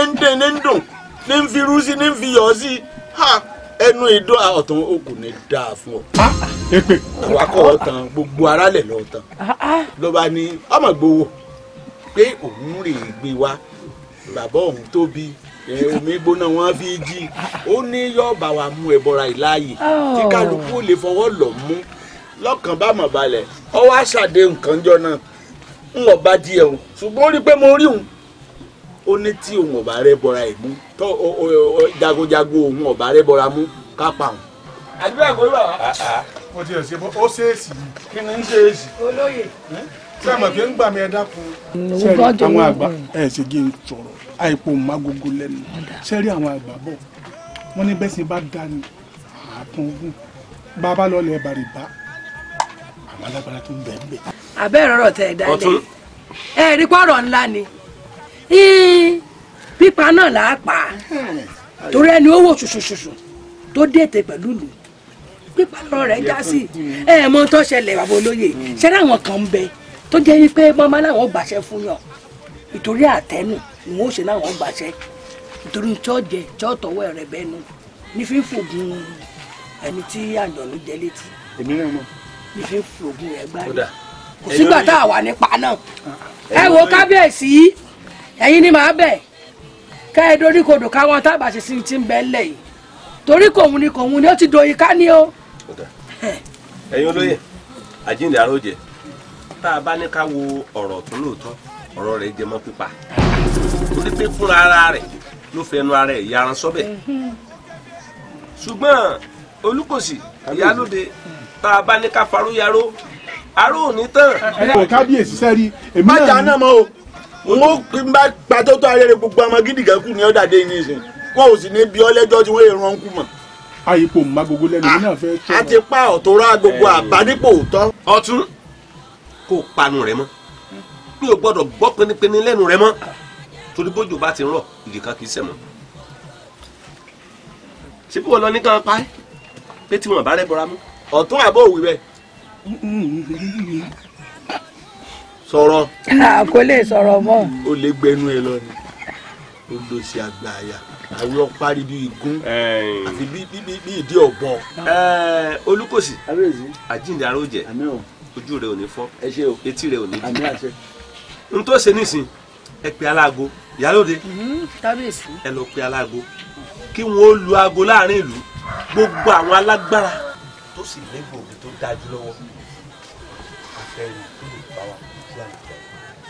ń dé ní ń dùn ní ń fi rú sí ní ń fi yọ̀ sí ẹnu ìdó ọ̀tàn okùn ní dáa fún ọ. Ah, èpè. àwa kọ́ ọ̀tàn gbogbo aráàlẹ̀ lọ ọ̀tàn. Ah, ah. ló bá ní ọmọ gbowó pé òun rè é gbé wa bàbá òun tóbi omi gbóná wọn fi jí ó ní yọọba wa mú ẹbọra ìláyè tí oh. kálukú lè fọwọ́ lọ mú lọ́kàn bá mọ̀ balẹ̀ ọwọ́ àṣàdé nǹkan jọ náà ń wọ̀ bá di ẹ̀hún ṣùgbọ́n ó rí pé mo rí òun ó ní tí òun ọ̀bà rẹ̀ bọra ìmú tó jagunjagun òun ọ̀bà rẹ̀ bọra mú ká pa òun. àdúrà kò rí bàbá. Ah, ah, ah. mo ti ẹ̀ ṣe bọ́ ó ṣèèṣì kí ni ń ṣèèṣì. olóyè. sẹ́mi fi ń gbà mí ẹ dákun. sẹ́ni àwọn àgbà ẹ̀ ṣe kí n sọ̀rọ̀ àìpò magogo lẹ́nu sẹ́rí àwọn àgbà bọ̀ wọ́n ní bẹ́sẹ̀ bá dání àtún ogun bàbá lọ́lẹ̀ bàrìbá àwọn alágbára tó ń bẹ̀ ń bẹ̀. àbẹ́ ìrọ̀rọ̀ tẹ ẹ̀dá ilẹ̀ ẹ rí pọ̀rọ̀ ńlá ni pípa náà là á pa torí ẹni ó wò ṣùṣùṣùṣù tó dètè pẹ̀lú lù pípa lọ́rọ̀ rẹ̀ já sí ẹ mọ tó ṣẹlẹ̀ bàbá olóye ṣẹlẹ̀ àwọn kan ń bẹ tó jẹ́ wípé mọ́mọ́ làwọn ò gbàṣẹ fún yàn ìtorí àtẹnu wọn ó ṣe láwọn gbàṣẹ torí tíọ́jẹ tíọ́tọ̀wọ́ rẹ̀ bẹ́nu ní fi ń fògùn ẹni tí àjọ̀nú jẹ létí. èmi náà mọ̀. ní fi ń gbáyé kò sígbà tá a wà nípa náà ẹ wo kábíyèsí ẹ̀yin ni màá bẹ̀ ká ẹ dorí kodò káwọn tábà ṣe sí ti ń bẹ́ lẹ̀ yìí torí kòun ni kòun ni ó ti doyin ká ní o. ẹ̀yin olóyè àjíǹde àròjẹ tá a bá ní ká wo ọ̀rọ̀ tó lóòótọ́ ọ̀rọ̀ rẹ̀ jẹmọ́ pípa torí pé fúnra ara rẹ̀ ló fẹnu ara ẹ̀ yaran sọ́bẹ̀ ṣùgbọ́n olùkòsì ìyálóde tá a bá ní ká faró yaró aró òní tán. ẹ kábíyèsí sẹ́rí èmi náà. má jà náà mọ́ o mo bá pàtó tó ayẹyẹ gbogbo ọmọ gidi kan kù ní ọ̀dà dé yín sìn wọn ò sì ní bí ọlẹ́jọ́ tí wọ́n èrò ń kú mọ̀. àyípo mma gbogbo lẹ́nu mi náà fẹ́ tó. a ti pa ọ̀tọ́rọ́ gbogbo àbádípò tọ́. ọtún kò panu rẹ mọ́ mi ò gbọ́dọ̀ gbọ́ pinipini lẹ́nu rẹ mọ́ torí bójú bá ti rọ̀ ìdè kan kì í sẹ̀ mọ́ síbí wọn lọ ní kan pa ẹ́ pé tí wọn bá rẹ́ bọ́ra mú ọ̀tún àbọ̀ òwì bẹ́ẹ̀ sọ̀rọ̀. kò lè sọ̀rọ̀ mọ́. ó lè gbẹnu ẹ lọ ni ó lọ sí àgbáyà àwọn parí bíi igun àfi bíi ìdí ọ̀bọ. olùkọ́sì àjíǹde aró jẹ ojú rẹ ò ní fọ́ etí rẹ ò ní di n tó ṣe nísìn ẹ pe aláago ìyálóde mhm, ẹ lọ pe aláago kí wọn ó lu aago láàrin ìlú gbogbo àwọn alágbára tó sì ní gbòògùn tó dájú lọ́wọ́ afẹ́rin tó lè bá wa fúlàní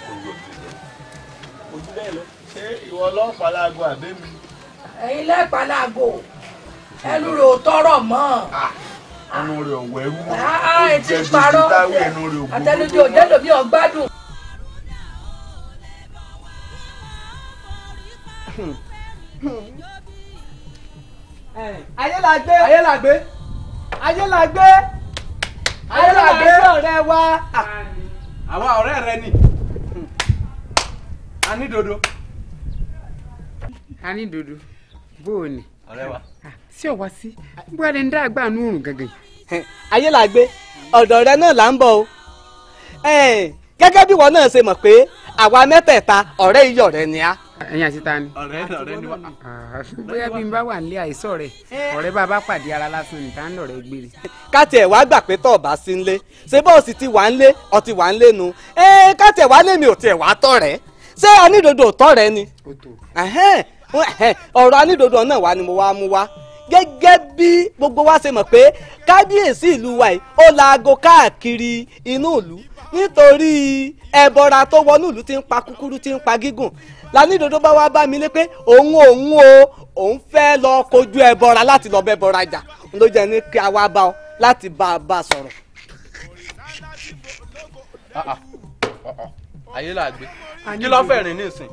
tó lórí ojú rẹ̀. ojú bẹ́ẹ̀ lọ ṣé ìwọ ọlọ́pàá láago àbẹ́ mi. ẹ̀yin lẹ́pàá láago ẹnu rẹ̀ ò tọrọ mọ́ ah, ẹnu rẹ̀ ò wẹ́rú mọ́ ó jẹ́ bí títà ẹnu rẹ̀ ò gbogbo mọ́ àtẹnudẹ́ òjẹ́ lòmí ọ̀gbádùn. ayélàgbé ayélàgbé ayélàgbé ayélàgbé ọ̀rẹ́ wa. Ah. àwa ọ̀rẹ́ rẹ ni a ní dodo. a ní dodo bó o ọ̀rẹ́ wa. Ah, sí ọ̀wá sí bó ẹni dá àgbà nù òrùn gàngàn. ayélàgbé ọ̀dọ̀ rẹ náà là ń bọ̀ o gẹ́gẹ́ bí wọn náà ṣe mọ̀ pé àwa mẹ́tẹ̀ẹ̀ta ọ̀rẹ́ iyọ̀ rẹ ni a. ẹ̀yin àti ta ni. ọ̀rẹ́ ọ̀rẹ́ ni wá. Ah, bóyá bí n bá wà nílé àìsàn rẹ ọ̀rẹ́ bá bá pàdé ara lásán ní tá ń lọ̀rẹ́ gbére. káàtì ẹ̀ wá gbà pé tọ̀ bá sí nlé ṣé bọ́ọ̀sì ti wà nlé ọtí wà nlé nu káàtì ẹ̀ wá lé mi ò tiẹ̀ wá tọ̀ rẹ̀ ṣé anídòdò tọ̀ rẹ̀ ni. ọ̀rọ̀ anídòdò náà wà ni mo wá mú wá gẹ́gẹ́ bí gbogbo wa ṣe mọ̀ pé kábíyèsí ìlú wa yìí ó laago káàkiri inú ìlú nítorí ẹbọra tó wọnú ìlú ti ń pa kúkúrú ti ń pa gígùn lánìdodo bá wá bá mi lé pé òun òun o òun fẹ́ lọ kojú ẹbọra láti lọ bẹ bọra jà ló jẹ ní kí a wá bá ọ láti bá a bá sọ̀rọ̀. Ah, ah, ah, ayé là gbé kí ló fẹ́ rìn nísìn.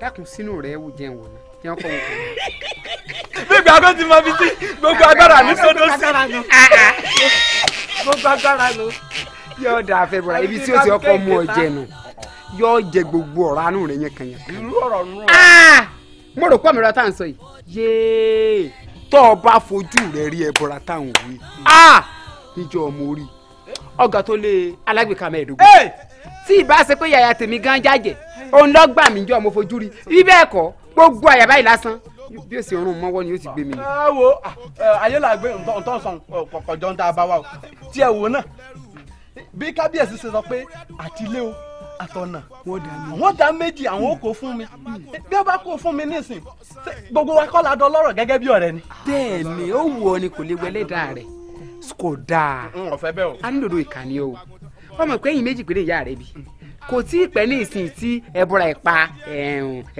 dákun sínú rẹ̀ wù jẹun wò ni wọn kọ wọn kọ. bíbí agbó ti mọ bí tí gbogbo agbára mi sọdọ sí. gbogbo agbára lọ yóò da afẹ́ bọ̀ra ibi tí o ti ọkọ mú ọ jẹnu yóò jẹ gbogbo ọ̀rọ̀ anú rẹ yẹn kan yẹn. irú ọ̀rọ̀ nù. Ah! mo rò pé àmì ìrọ̀tà ń sọ yìí. yéé tọ́ ọ bá fojú rẹ rí ẹ bọ̀ra táwọn wí. Ah! níjọ ọmọ orí ọgá tó lé alágbèéká mẹ́ẹ̀ẹ́dógún. tí ìbá ṣe pé yàyà tèmi gan jájẹ òun lọ gbà mí jọ mo fojú rí bí bẹ́ẹ̀ kọ́ gbogbo àyàbá yìí lásán bí èsì ọrùn mọ́wọ́ ni yóò ti gbé mi. ẹ ah, wo eh, ayé làgbé ntọ́sán kọ̀kọ̀jọ́ ń tá a bá wa o tí ẹ wo náà bí kábíyèsí ṣe sọ pé àtìlé o àtọ̀nà wọ́n dá méjì àwọn ò kó fún mi bí ó bá kó fún mi nísìn gbogbo wa kọ́ la dán lọ́rọ̀ gẹ́gẹ́ bí ọ̀rẹ́ ni. bẹ́ẹ̀ni ó wù ọ ni kò lè wẹlé dáa rẹ kò dáa a ní lòdò ìkànnì o wọn mọ pé ẹ̀yin méjì péré ìyá rẹ bi kò tí ì pẹ́ ní ìsìn tí ẹbọra ẹ̀ pa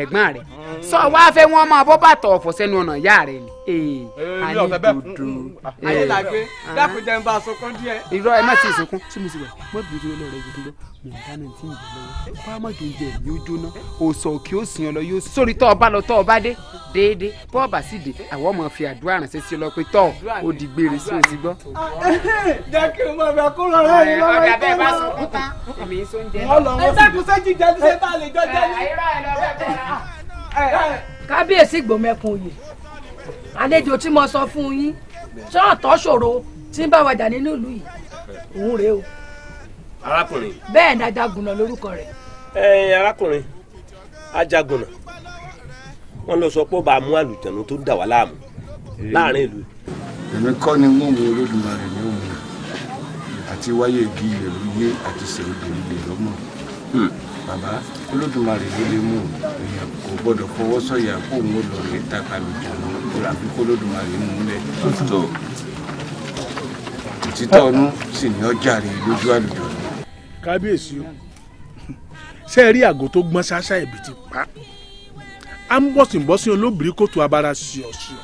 ẹ̀gbọ́n rẹ̀ mm. sọ wá fẹ́ wọn máa bọ́ bàtọ̀ ọ̀fọ̀ sẹ́nu ọ̀nà ìyá rẹ ni ee eh, eh, ayé dodo eh. mm, ayé làgbé dákúnjẹ ń bá a sunkún díẹ̀. irọ́ ẹ má ti sunkún tí mo sì wẹ̀ mo bìrì olóore yìí dúró mo ń dáná tí ń bọ̀ lọ́wọ́ kó a má dùn jẹ mi ó jóná òsò kí ó sìn ọ lọ yóò sìn. sórí tọ́ ọba lọ tọ́ ọba dé déédé bọ́ ọba sì dé àwọn ọmọ fi àdúrà ránṣẹ́ sí ọ lọ pé tọ́ ó di gbére sí òsì gbọ́. jẹ́ kí n máa bẹ kó lọ́rọ́ yìí lọ́wọ́ ìtọ́ náà. ọ̀dà bẹ́ẹ̀ bá sunkún tán èmi ń sóúnjẹ náà. ẹ dákun sẹ́jì jẹ́ ti ṣe tá a lè jọ jẹ́ ní. kábíyèsí gbòmẹ̀kùn yìí àlejò tí mo sọ fún yín ṣọ́ọ̀tọ̀ ṣòro tí ń bá wa jà nínú ìlú yìí òun rèé o. arákùnrin. bẹ́ẹ̀ ni ajagunà lórúkọ rẹ̀. ẹ arákùnrin ajagunà wọn lọ sọ pé ó bá a mú àlùjànnú tó ń dà wá láàmú láàrin ìlú. èmi kọ́ ni wọ́n mú olódùmarè ní òun àti wáyé igi ìlú yé àti sèrèdèrèdè lọ́mọ hmm. bàbá olódùmarè ló lè mú èèyàn kò gbọ́dọ̀ fọwọ́ sọ̀yà kó òun ó lọ rè tápá jù lọ àdúrà bí kólódùmarè mú un lẹ̀ tó òtítọ́ ọdún sì ní ọjà rè lójú àlùjọ. kábíyèsí o ṣe é rí àgọ́ tó gbọ́n ṣáṣá ẹ̀bì ti pa á ń bọ̀sìnbọ̀sìn olóbìrí kòtò abara ṣìọ̀ṣìọ̀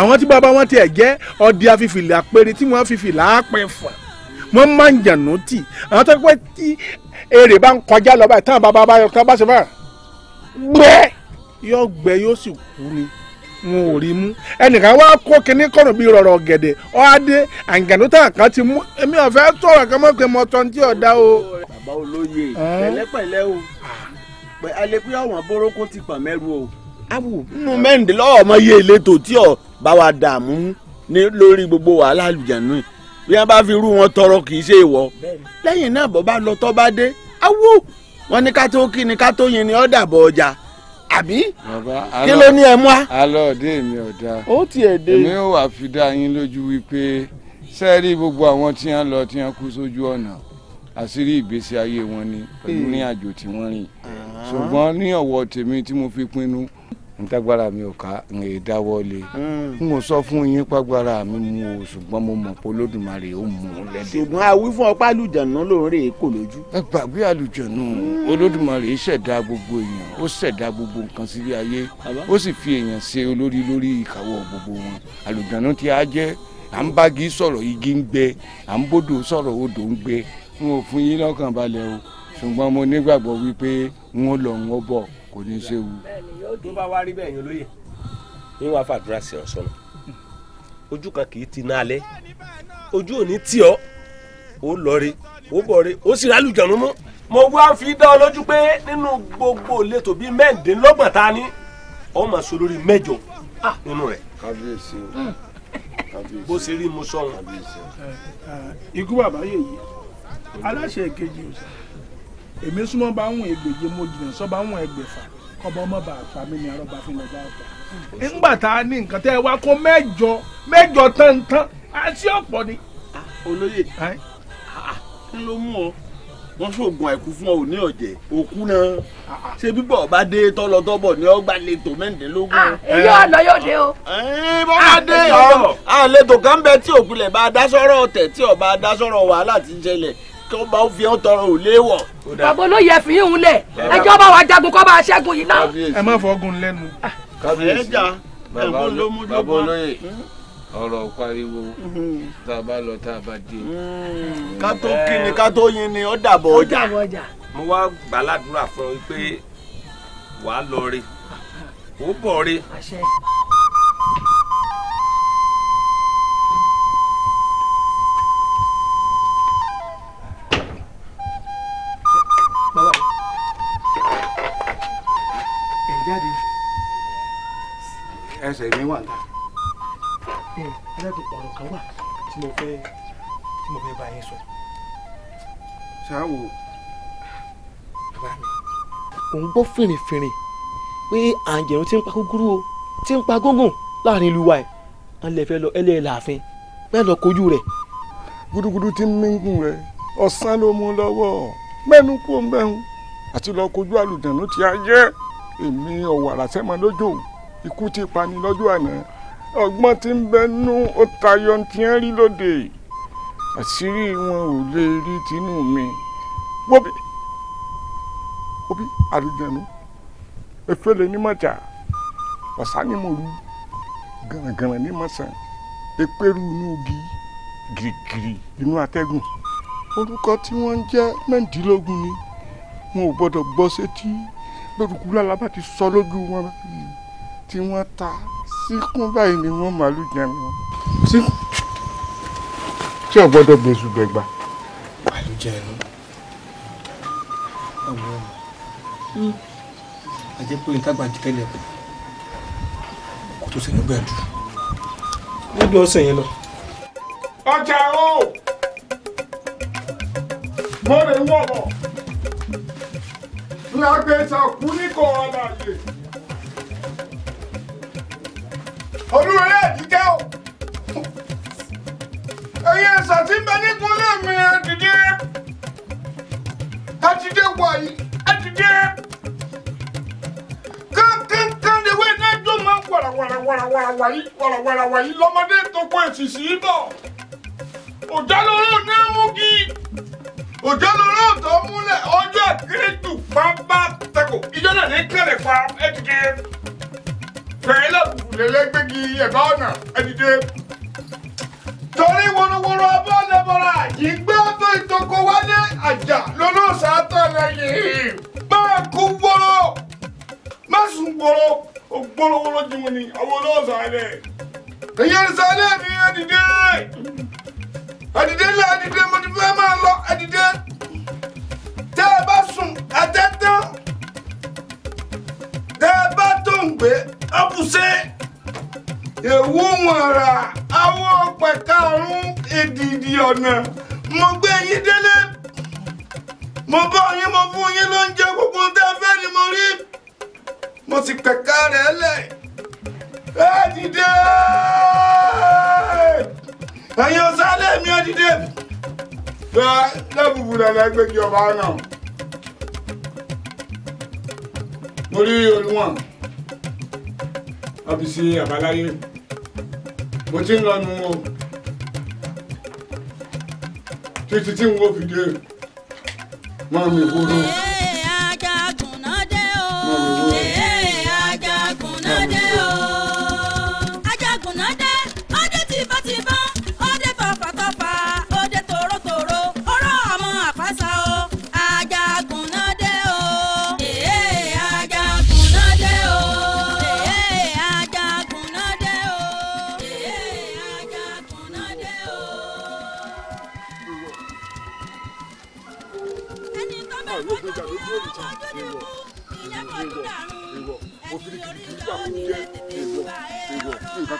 àwọn tí bàbá wọn tiẹ̀ jẹ́ ọdẹ afifìlà péré tí wọ́n fìfìlà á pẹ́ fà wọ́n máa ń jànú tì àwọn tó pẹ́ tí èrè bá ń kọjá lọ báyìí táwọn bàbá bá yọ kí bá ṣe báyìí gbẹ́ yóò gbẹ yóò sì kú ni wọn ò rí mú ẹnìkan wá kó kinní kọ̀rọ̀ bíi rọ̀rọ̀ gẹ̀dẹ̀ ọ̀hádé àǹgànútà kan ti mú èmi ọ̀fẹ́ tọ̀rọ̀ kan mọ̀ pé mo tọ́ ní tí o. bàbá olóye pẹ̀lẹ́pẹ̀lẹ́ o alẹ́kú àwọn abórókó ti pà mẹ́rù o. awo nínú mẹ́rìndínlọ́wọ́ ọmọ yé ìletò tí ọ̀ bá wa dààmú lórí gbogbo wàhálà àlùjánu yìí bí wọn bá fi rú wọn tọrọ kì í ṣe ìwọ lẹ́yìn náà bọ́ bá bá dé awo wọn ní ká tó kí ni ká tó yin ni ọ́ dàbọ̀ ọjà àbí kí ló ní ẹ mú a. alọ ọdẹ mi ò dáa ó tiẹ̀ dé èmi ò wá fi dá yín lójú wípé sẹ́ẹ̀rí gbogbo àwọn tí wọ́n lọ tí wọ́n kú sójú ọ̀nà àṣírí ìgbésí ayé wọn ni pẹ̀lú ní àjò tí wọ́n rìn ah. ṣùgbọ́n ní ọ̀wọ́ tèmi tí mo fi pinnu ntagbara mi ò ká n lè dáwọ́ lé mm. n ò sọ fún yín pàgbára mi mu o ṣùgbọ́n mo mọ̀ pé olódùmarè ó mú un lẹ́dẹ̀. ṣùgbọ́n àwí fún ọpá àlùjànnú lòún rè é kò lójú. ẹ gbàgbé àlùjànnú mm. olódùmarè ṣẹ̀dá gbogbo èèyàn ó ṣẹ̀dá gbogbo nǹkan sílé ayé ó sì fi èèyàn ṣe olórí lórí ìkàwọ́ gbogbo wọn àlùjànnú tí a jẹ́ à ń bági sọ̀rọ̀ igi ń gbẹ à ń bódò sọ̀rọ̀ odò ń gbẹ n ò fún yín o ṣùgbọ́n mo nígbàgbọ́ wípé wọn lọ wọn bọ̀ kò ní í ṣe wù tó bá wá rí bẹ́ẹ̀ yín olóye. yín wàá fàdúrà sí ọ sọnà ojú kan kì í ti ná alẹ́ ojú ò ní tì ọ́ ó lọ ó bọ̀ ó sì rálùjọ̀nù mú. mo wá fi dá ọ lójú pé nínú gbogbo ìletò bíi mẹ́ẹ̀ẹ́dínlọ́gbọ̀n ta ni ọ mà sọ lórí mẹ́jọ nínú rẹ̀. kábíyèsí o hmm. bó ṣe rí mo sọ wọn. ikú bàbá yèyí aláṣẹ ìkejì òsì èmi súnmọ́ bá ń wọ̀n ẹgbẹ̀je mo jìnnà sọ́ bá ń wọ̀n ẹgbẹ̀fà kọ́bọ ọmọ bá pa mí ni arọ́gbà fi lọ́jà ọ̀pọ̀. ńgbà tá a ní nǹkan tẹ́ ẹ wá kó mẹ́jọ mẹ́jọ tántán àti ọ̀pọ̀ ni. Ah, olóyè n ah, ah, ló mú ọ wọn ṣoògùn àìkú fún ọ òní ọjẹ òkú náà ṣé bíbọ ọba dé tọlọtọbọ ni ọgbà lẹtọ mẹ́rìndínlógún. èyí ọ̀nà yóò dé o. Eh, bọ́ bá dé ọ̀rọ̀ àlejò kan bẹ tí òkúlẹ̀ bá dá sọ́rọ̀ ọ̀tẹ̀ tí ọba dá sọ́rọ̀ wàhálà ti ń kí wọ́n bá ó fi hàn tọrọ ò léwọ̀. bàbá olóyè fi híhun lẹ̀ ẹjọ́ bá wa jagun kọ́ bá a ṣẹ́gun yìí náà. ẹ má fọgùn lẹ́nu. kábíyèsí bàbá olóyè hmm. ọ̀rọ̀ pariwo hmm. tá a bá lọ tá a bá dé. Hmm. ká tó kí ni ká tó yin ni ó dàbọ̀ ọjà. mo wá gbàládùra fún ọ pé wàá lọ rí ó bọ̀ rí ẹsẹ̀ mi wà níta. ẹ ọ̀rọ̀ kan wà tí mo fẹ́ tí mo fẹ́ bá yín sọ. ṣáàwò bàbá mi. òun gbọ́ fìrìnfìrìn pé àjẹrun ti ń pa gúgúrú o ti ń pa gógùn láàrin ìlú wa ẹ̀ ẹ̀ lọ ẹ̀ bẹ́ẹ̀ lọ kojú rẹ̀. gudugudu ti ń mingun rẹ ọ̀sán ló mú lọ́wọ́ mẹ́nu kú òun bẹ́ẹ̀ àti lọ kojú àlùjànnú ti ayé èmi ọ̀wọ̀ àràsẹ́mọ lójó òun ikú ti pa ni lọ́jọ́ àná ọgbọ́n ti ń bẹnu ó tayọ ti ń rí lóde àṣírí wọn ò lè rí tinú mi wóbi wóbi àlùjànnú efele ní ọ̀sá ní mo ru gànàgànà ní mọ̀sán inú ogi girigiri inú atẹ́gùn orúkọ tí wọ́n ń jẹ́ mẹ́ǹdínlógún ni wọn ò gbọ́dọ̀ gbọ́ sétí lórúkú lálábà ti sọ lójú wọn tí wọ́n ta síkún báyìí ni wọ́n màálù jẹun wọn. síkún tí ò gbọ́dọ̀ gbèsù gbẹ̀gbà. màálù jẹun ọmọ ọmọ hmm. àjẹ pé nǹkan gbàjú tẹ́lẹ̀ kò tó sẹ́nu gbẹ̀dù níbi ọ̀sẹ̀ yẹn lọ. ọjà o mo lè wọ̀ bọ̀ lágbèsà kú ní kò ọ̀nà yìí. olúwẹ̀rẹ̀ àdìkẹ́ o ẹ̀yin ẹ̀sà tí ń bẹ nípínlẹ̀ mi àdìdé àdìdé wàyí àdìdé kankankan ni wẹ́n náà jó máa ń wàràwàràwàrà wàyí wàràwàrà wàyí lọ́mọdé tó kó èsìsì bọ̀ òjá lóró náà mú kí òjá lóró tó múlẹ̀ ọjọ́ àkérédù pàmpá tako ìjọ náà ní kẹlẹ̀ pa ẹ̀dìdé fẹ̀yìn lẹ́kùn lẹ́lẹ́gbẹ́gi ẹ̀bá ọ̀nà ẹ̀dìdẹ. torí wọnúwọnú ọba ọ̀dẹ́bọ̀rà yìí gbé ọ̀tọ̀ ìtòkò wálé àjà lọ́lọ́sà àtọ̀lẹ̀ yìí máa kú gbòòrò má sùn gbòòrò gbòòrò wọlé jùmọ̀ ni àwọn ọlọ́sà rẹ̀. ìyẹn sálẹ̀ mi ẹ̀dìdẹ ẹ̀dìdẹ lẹ́ ẹ̀dìdẹ mo ti fẹ́ máa lọ ẹ̀dìdẹ tẹ́ ẹ bá sùn ẹ̀tẹ́tẹ́ tẹ́ ẹ bá tó ń gbé apùsẹ èwo mọ̀ra àwọn pẹ̀ka ọ̀run èdìdì ọ̀nà mo gbé yín délé mo bọ́ yín mo fún yín lóúnjẹ gbogbo tẹ́ fẹ́ ni mo rí mo sì pẹ̀ka rẹ̀ lẹ̀ ẹ dìde ẹ̀yin ọ̀sálẹ̀ mi ẹ dìde lẹ́bùbù lẹ́lẹ́ gbégi ọba náà mo rí olúwọ̀n ọ́fíìsì àbáláyé mo ti ń lọ nu o títí tí n wo fìdí mọ́ mi kúrò.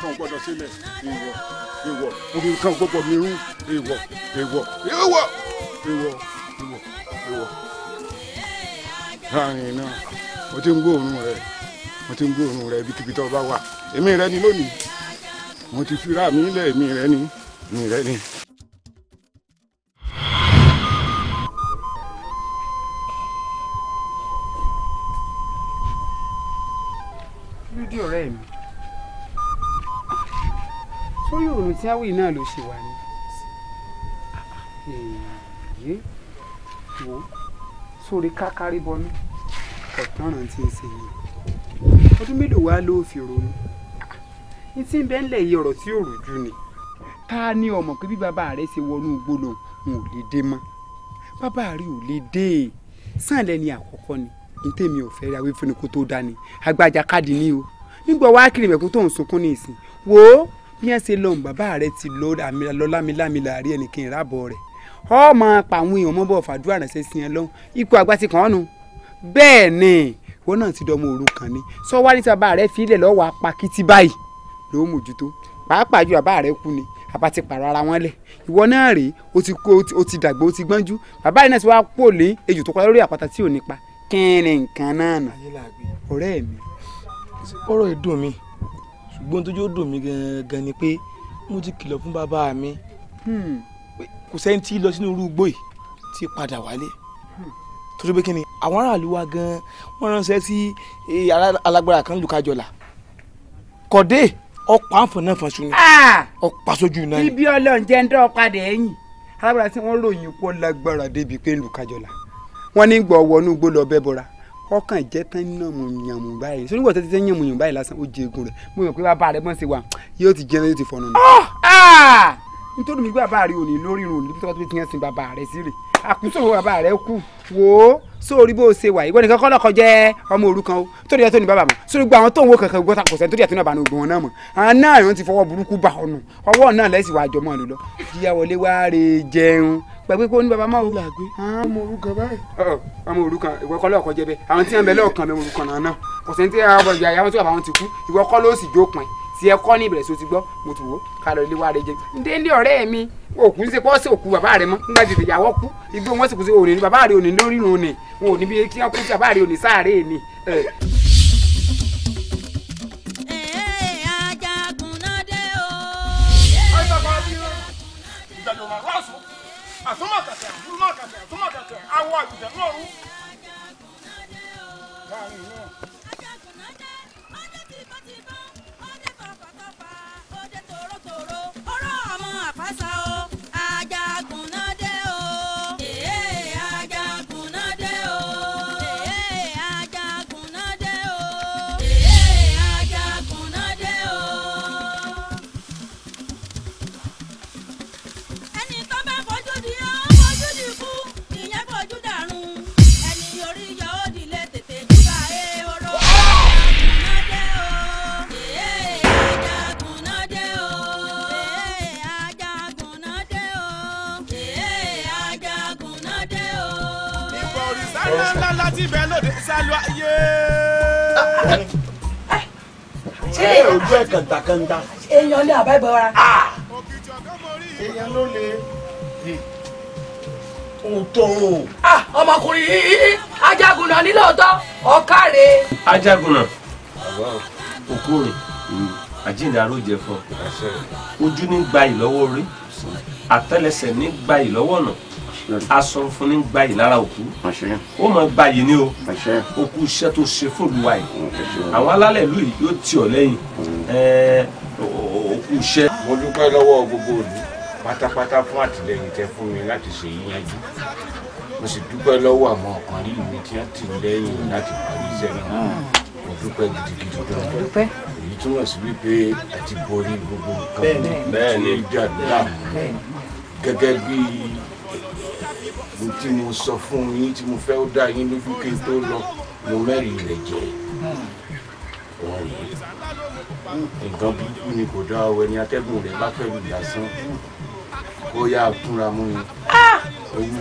kan gbọ́dọ̀ sílẹ̀ ìwọ ìwọ omi kan gbọ́dọ̀ mi rú ìwọ ìwọ ìwọ ìwọ ìwọ ìwọ. láàrin náà mo ti ń gbóòórùn rẹ mo ti ń gbóòórùn rẹ ibikíbi tó bá wà èmi rẹ ni lónìí mo ti fi ra mi lẹ èmi rẹ ni èmi rẹ ni. tí a wì náà ló ṣe wà ní. èyí wo sórí kákárí bọnú ọ̀tánràn tí ń ṣe yìí ọdún mélòó wá ló fi ronú ní tí ń bẹ́ ń lẹ̀ yí ọ̀rọ̀ tí yóò rújú ni ta ni ọmọ pé bí bàbá rẹ ṣe wọnú gbólò n ò lè dé mọ́ bàbá rẹ ò lè dé sàn lẹ́ni àkọ́kọ́ ni ní tèmi ò fẹ́ ra wífúnni kó tó dání agbájá káàdì ni o nígbà wá kiri mẹ́kún tó ń sunkún ní ìsìn wò bí wọ́n ṣe lọ́n bàbá rẹ ti lọ lámilámi láàrí ẹnì kí n rábọ̀ rẹ̀ ọmọ pa èèyàn mọ́ fàdúrà rẹ̀ ṣe ẹ lọ́hùn ikú àgbà ti kàn án nu bẹ́ẹ̀ ni ìwọ náà ti dọmọ òru kan ni sọ sábà rẹ fi ilẹ̀ lọ́wọ́ báyìí ló mójútó pàápàá ju bàbá rẹ kú ni àbá ti pààrọ̀ ara wọn lẹ̀ ìwọ náà rèé o ti kó o ti dàgbà o ti gbọ́njú bàbá yìí náà ti wá pò lé ejò tó pa lórí àpáta tí ò ní pa kí nǹkan náà nà ọ̀rẹ́ mi. ọ̀rọ̀ ìdùn mi ṣùgbọ́n tójú ó dùn mí gan-an ni pé mo ti kìlọ̀ fún bàbá mi hmm. kò sẹ́ni tí lọ sínú irú igbó yìí ti padà wálé hmm. torí pé kí ni àwọn aráàlú wa gan-an wọ́n ránṣẹ́ sí e, alágbára kan lùkájọlà kọ̀dé ọ̀pá àǹfọ̀nà fọ̀ṣù ni ọ̀pá ah! sójú náà ni. ibi ọlọ́run jẹ́ ń dọ́ padà ẹ̀yìn. alágbára tí wọ́n ròyìn pọ̀ lágbára débi pé lùkájọlà wọ́n ní gbọ̀ wọnú igbó lọ bẹ́ bọ́ra ọkàn jẹ́ tán nàmú yàmú báyìí sórí wọ́n tẹ́tí tẹ́ yàmú yàmú báyìí lásán ó jẹ egun rẹ̀ mo mọ̀ pé bàbá rẹ̀ mọ̀ sí wa yóò ti jẹun yóò ti fọ̀nà ah! Ah! nítorí mi gbé bàbá rẹ̀ òní lórí irun òní bí tọ́kọ́ tó ti sin bàbá rẹ̀ sí rè àkúsòwò bàbá rẹ̀ kú wò sórí bó ṣe wà ìwọ nìkan kọ́ lọ́kọ́ jẹ́ ọmọ òrukàn o torí ẹ tó ní bàbá mọ̀ sórí gbogbo àwọn tó ń wo kankan gbọ́ta kò sẹ́ni torí ẹ tó ní bàbá ògùn wọn náà mọ̀ àwọn náà yóò ti fọwọ́ burúkú bá ọ̀nù ọwọ́ náà lẹ́sìn wàá jọmọ́ lò lọ jíyá wọlé wá rè jẹun gbàgbé pé ó ní bàbá máa wò. ọmọ òrukàn báyìí. ọmọ òrukàn ìwọ kọ́ lọ́kọ́ jẹ bẹ́ẹ̀ àwọn tí wọ́n bẹ lọ́ọ̀kan lọ́mọ òrukàn náà náà kò sẹ́ni tí àwọn tí wọ́n ti kú ìwọ kọ́ ló sì jókòó tí ẹ kọ́ ní ìbẹ̀rẹ̀ sí o ti gbọ́ mo ti wò ó ká lọ ilé wa rẹ jẹ. ǹdẹ́ ní ọ̀rẹ́ mi òkú ṣe pọ́sí òkú bàbá rẹ mọ́ nígbà tètè ìyàwó kú igbó wọn sì kú sí òní bàbá rẹ òní lórí irun ni wọn ò ní kí wọn kú sí bàbá rẹ òní sáré ni. àtúmọ̀kàtà àtúmọ̀kàtà àtúmọ̀kàtà àwọn àgùntàn náà rú. ṣé ojú ẹ̀ kàńtàkàńtà. èèyàn lé àbá ìbọn ra. èèyàn ló lè òótọ́ o. ọmọkùnrin yìí ajagunà nílò ọtọ ọkàrẹ. ajagunà òkú rè àjíǹde arójẹ fún ọ ojú ní gbayì lọ́wọ́ orí àtẹ́lẹsẹ̀ ní gbayì lọ́wọ́ ọ̀nà asọ̀rọ̀fún ní gbayì lára òkú ó mọ gbayì ní o òkú iṣẹ́ tó ṣe fún olúwa yìí àwọn alálẹ̀ ìlú yìí yóò tì ọ́ lẹ́yìn òkú iṣẹ́. mo dúpẹ́ lọ́wọ́ gbogbo òdu pátápátá fún àtìlẹyìn tẹ fún mi láti ṣe yíyanjú mo sì dúpẹ́ lọ́wọ́ àwọn ọ̀kan rí mi tí wọ́n ti lẹ́yìn láti parí iṣẹ́ náà hmm. mo dúpẹ́ gidigidi gan-an èyí túmọ̀ sí wípé àti borí gbogbo nǹkan bẹ́ẹ̀ ni bí àdúrà gẹ́gẹ́ bíi n tí mo sọ fún yín tí mo fẹ́ dá yín lójú kí n tó lọ mo mẹ́rin ilẹ̀ jẹ́ wọn rèé nǹkan burúkú ni kò dá ọwọ́ ẹni atẹ́gùn rẹ̀ bá fẹ́ lù lásán kó yá túnra mú ni ó púpọ̀ sẹ́yìn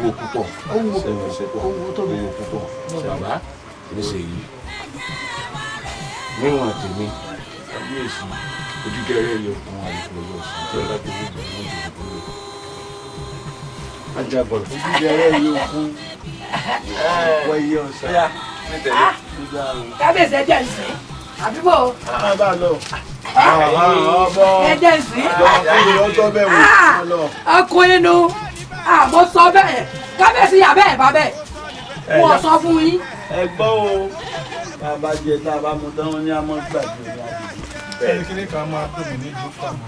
púpọ̀ ó púpọ̀ bàbá ló yìí níwọ̀n tèmi kábíyèsí ojúkẹrẹ yọkùn àlùkò yọ̀ọ̀sán tó lágbègbè ìgbà wọn jòkó lóko ajagbọn ìdílé ẹrẹ yóò kú wọ iye ọsà kábíyèsí ẹjẹ nsí àbíbò. bá a lọ ọmọ ẹjẹ nsí ọkùnrin ọjọ bẹ́ẹ̀ wò ó. ọkùnrin nu àmọ́ ah, sọ bẹ́ẹ̀ kábíyèsí yà bẹ́ẹ̀ bá bẹ́ẹ̀ wọ́n sọ fún yín. ẹ gbọ́ o tá a bá jẹ tá a bá mu dánwó ní amọ́ gbàgbé ní àdìgbò. ẹnì kìnnìkan máa tóbi ní ìlú kàmú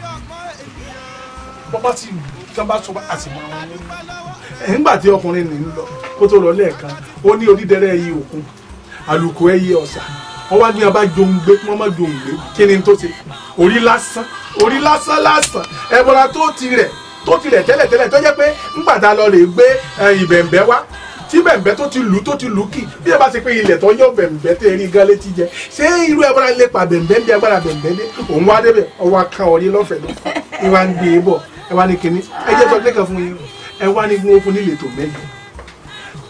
wọ́n bá sì tí wọ́n bá sọ àsìmọ́ àwọn ọmọ ẹ̀ ńgbà tí ọkùnrin nì ń lọ kó tó lọ lẹ́ẹ̀kan ó ní onídẹrẹ ẹyẹ òkun àlùkò ẹyẹ ọ̀sà wọ́n wá ní abá jòǹgbé wọ́n má jòǹgbé kí ni tó ṣe orí lásán orí lásán lásán ẹ̀bọ̀ra tó ti rẹ̀ tó ti rẹ̀ tẹ́lẹ̀tẹ́lẹ̀ tó jẹ́ pé ńgbà tá a lọ rè gbé ìbẹ̀ǹbẹ̀ wá tí bẹ̀m̀bẹ́ tó ti lù tó ti lù kì bí ẹ bá ti pé ilẹ̀ tó yọ bẹ̀m̀bẹ́ tẹ rí gan létí jẹ ṣé irú ẹgbẹ́ra lè pa bẹ̀m̀bẹ́ bí agbára bẹ̀m̀bẹ́ dé òun wá débẹ̀ ọwọ́ aká ọ̀rí lọ́fẹ̀ẹ́ lọ́fẹ̀ẹ́ ìwà ń gbé e bọ̀ ẹ wá ní kinní ẹ jẹ́ sọ pé kan fún yín ẹ wá ní wọn fún níletò mẹ́jọ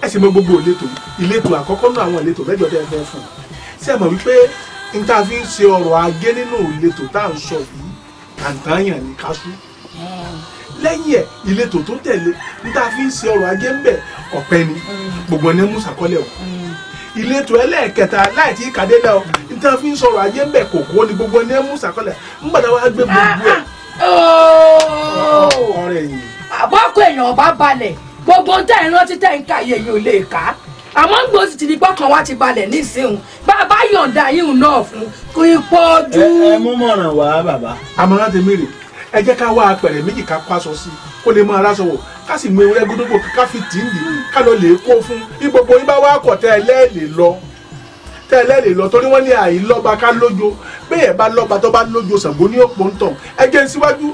ẹ sì mọ gbogbo ìletò ìletò àkọ́kọ́ náà àwọn ìletò mẹ́jọ tẹ́ ẹ fẹ́ fún ṣé ẹ mọ̀ wípé n ta fi ń ṣe ọrọ̀ ajé nínú ìletò tá à ń sọ yìí kàǹtàyàn ní kásù lẹ́yìn ẹ̀ ìletò tó tẹ̀lé n ta fi ń ṣe ọrọ̀ ajé ń bẹ̀ ọ̀pẹ ni gbogbo ẹni mú sàkọ́lẹ̀ o ìletò ẹlẹ́ẹ̀kẹta láì tí kàdé lẹ́ o n ta fi ń sọ̀rọ̀ ajé ń bẹ̀ kòkó ni gbogbo ẹni mú sàkọ́lẹ̀ ń gbàdá wa gbé gbogbo ẹ̀ àbọ̀kọ èèyàn bá balẹ̀ gbogbo tẹ̀ ń rántí tẹ̀ ń ka iye ò lè ká àmọ́ ń gbòòsì ti di gbọ́kàn wá ti balẹ̀ nísìnyìí bàbá yọ̀ǹda yìí náà fún kò í pọ́jú. ẹ ẹ mú mọ̀ràn wá bàbá. àmọ̀ràn ti mí rè ẹ jẹ́ ká wá apẹ̀rẹ̀ méjì ká kó aṣọ sí i kó lè máa ráṣọ wọ̀ ká sì mú ewúrẹ́ gbódógbò ká fi tì í lè ká lọ lè kó fún bí gbogbo yín bá wá kọ̀ tẹ́ ẹ lẹ́ẹ̀lè lọ tẹ́ ẹ lẹ́ẹ̀lè lọ torí wọ́n ní àìlọ́ba ká lójo bẹ́ẹ̀ yẹn bá lọ́ba tó bá lójú Ṣàngó ní òpó ń tàn ẹ jẹ́ síwájú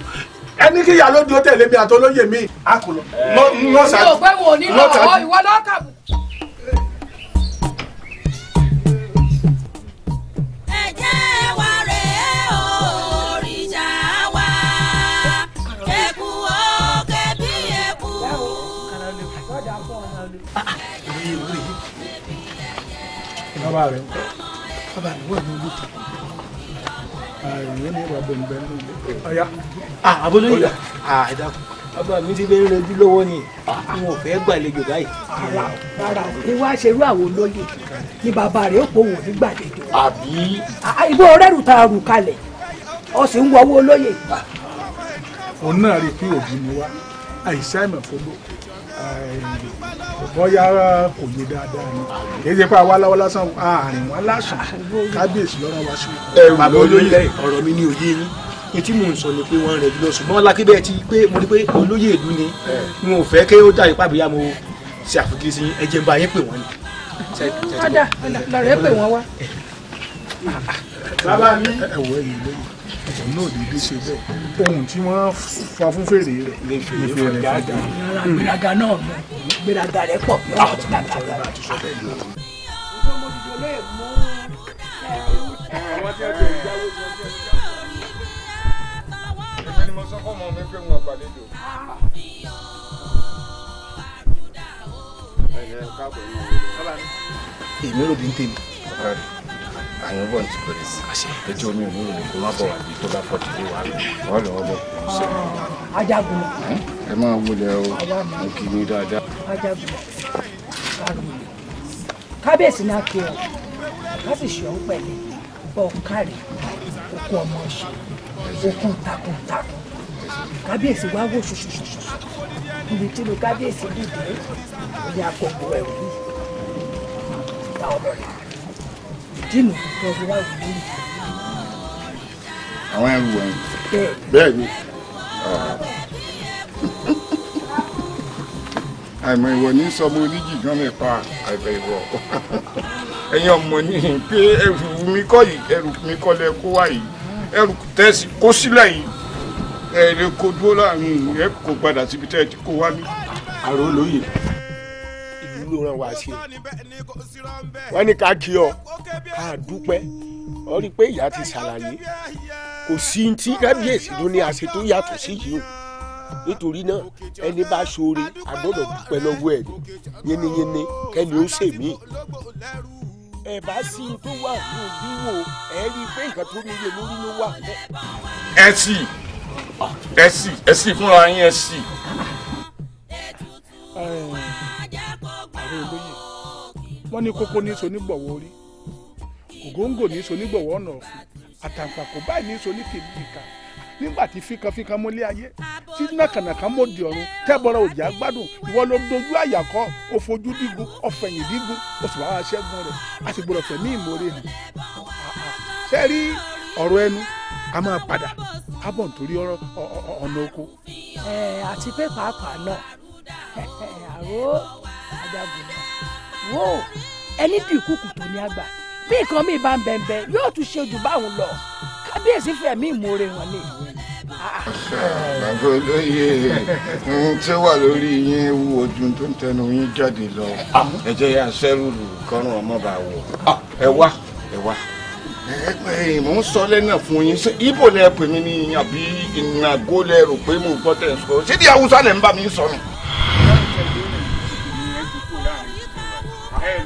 ẹni kí ìyá lóde ó tẹ̀lé mi àti olóyè mi á kò lọ. mo ò pé wo ní lọ́wọ́ ìwọ lọ́kà. ẹ̀jẹ̀ wa rẹ̀ òrìṣà wa ẹ̀kú ìyẹn ní ìwà bẹ̀m̀bẹ̀ nù. ọ̀yá àbólóyè àìdá bàbá mi ti bẹ́ẹ̀ rẹ́jú lọ́wọ́ ni n ò fẹ́ gbàlejò báyìí. rárá rárá ìwà ṣerú àwọn olóyè ni bàbá rẹ̀ ó pòwò ní gbàlejò. àbí. Ah, ah, ìbò rẹ́rù ta rù kalẹ̀ ọ sì ń wọ owó olóyè. Ah. òun náà rí i pé òbí mi wá àìsàn ìmọ̀fọ́lọ́ bóyá kò yé dáadáa ni kì í ṣe pé àwa lọ́wọ́ lásán àárín wọn lásán kábíyèsí lọ́rọ̀ wá sí. bàbá olóyè ọ̀rọ̀ mi ni òye yín ní tí mò ń sọ ni pé wọ́n rẹ̀ lọ ṣùgbọ́n lákébẹ̀ ti pé mo ní pé olóyè ìlú ni n ò fẹ́ kí ó dàbí pàbíyá mo ṣe àfikún sí ẹjẹ bá yín pè wọ́n ni. ọ̀dà ọ̀dà lọ́rọ̀ ẹ pè wọ́n wá bàbá mi. ẹwọ ẹyìn lẹ́yìn òun náà dédé ṣe bẹ́ẹ̀ ohun tí wọ́n fa fún fèrè rẹ̀ lè fi rẹ̀ fàjà. gbèrágà náà mú gbèrágà rẹ̀ ah, bí wọ́n ti dàgbà rẹ̀. èmi ni mo sọ ń tèmi àwọn ọgbọ́n ti pèrè sí ẹjọ́ omi ò múlò kó má bọ̀ wá bí tó bá pọ̀ délé wa wọ́n lọ́wọ́ bọ̀ kó ṣe. ajagun. ẹ máa wulẹ̀ o mo kì í ní dáadáa. ajagun kábíyèsí náà kí ọ ká sì ṣe òun pẹ̀lẹ́ ọ̀kárì òkú ọmọ ọ̀ṣẹ́ òkun takuntakun kábíyèsí wá wò ṣoṣoṣoṣo níbi tí ló kábíyèsí dìde ní àkókò ẹ̀rù yìí táwọn lọ́rẹ́ dínú ìjọba wà lórí. àwọn ẹrù wọ̀nyí. bẹ́ẹ̀ ni àìmọ̀ ìwọ ní sọmọ oníjì gan mẹ́fà àìbẹ̀ ìwọ ẹ̀yin ọmọ ní pé ẹrù mi kọ́ yìí ẹrù mi kọ́ lẹ kó wá yìí ẹrù tẹ́sí kó sílẹ̀ yìí ẹ̀ lè kó dúró láàrin ẹ̀ kó padà síbi tẹ́ ẹ ti kó wá ní. àrò ló ràn wá sí wọ́n ní ká kí ọ ká dúpẹ́ ọ rí i pé ìyá ti ṣàlàyé kò sí ti kábíyèsí ló ní àṣẹ tó yàtọ̀ sí yìí o nítorí náà ẹni bá ṣoore a gbọ́dọ̀ dúpẹ́ lọ́wọ́ ẹ̀ yẹniyẹni kẹ́ni ó ṣèmí ẹ bá sí i tó wà ní òbí wo ẹ rí i pé nǹkan tó níye lórí ló wà lẹ. ẹ sì ẹ sì ẹ sì fúnra yín ẹ sì. ààrẹ olóyè wọ́n ní kókó ní sonígbọ̀wọ́ orí ògóńgò ní sonígbọ̀wọ́ ọ̀nà ọ̀fìn àtàǹpàkò báyìí ní sonífìdíkà nígbà tí fíkanfíkan mọ́lé ayé tí nàkànàkà mọ́dì ọ̀run tẹbọrọ òjà gbádùn ìwọ ló dojú dígun dígun hàn ṣe rí ẹnu a máa padà nítorí ọ̀nà oko. ẹ àti pé pàápàá náà àrò ajagun wo ẹni dùn ìkúkù tó ní àgbà bí nǹkan mi bá ń bẹ̀ǹbẹ̀ yóò tún ṣe jù báwọn lọ kábíyèsí fẹ̀mí ìmoore wọn ni. bàbá olóye ohun tí ó wà lórí yín wúwo ju tó ń tẹnu yín jáde lọ ẹ jẹ́ yá sẹ́rùrù kọ́rùn ọmọ bá wọ̀ ẹ wá ẹ wá. mò ń sọ lẹ́nà fún yín ṣé ibo lẹ pè mí ní àbí ìnàgó lẹ rò pé mo gbọ́ tẹ̀ sọ ṣé haúsá lẹ ń bá mi sọ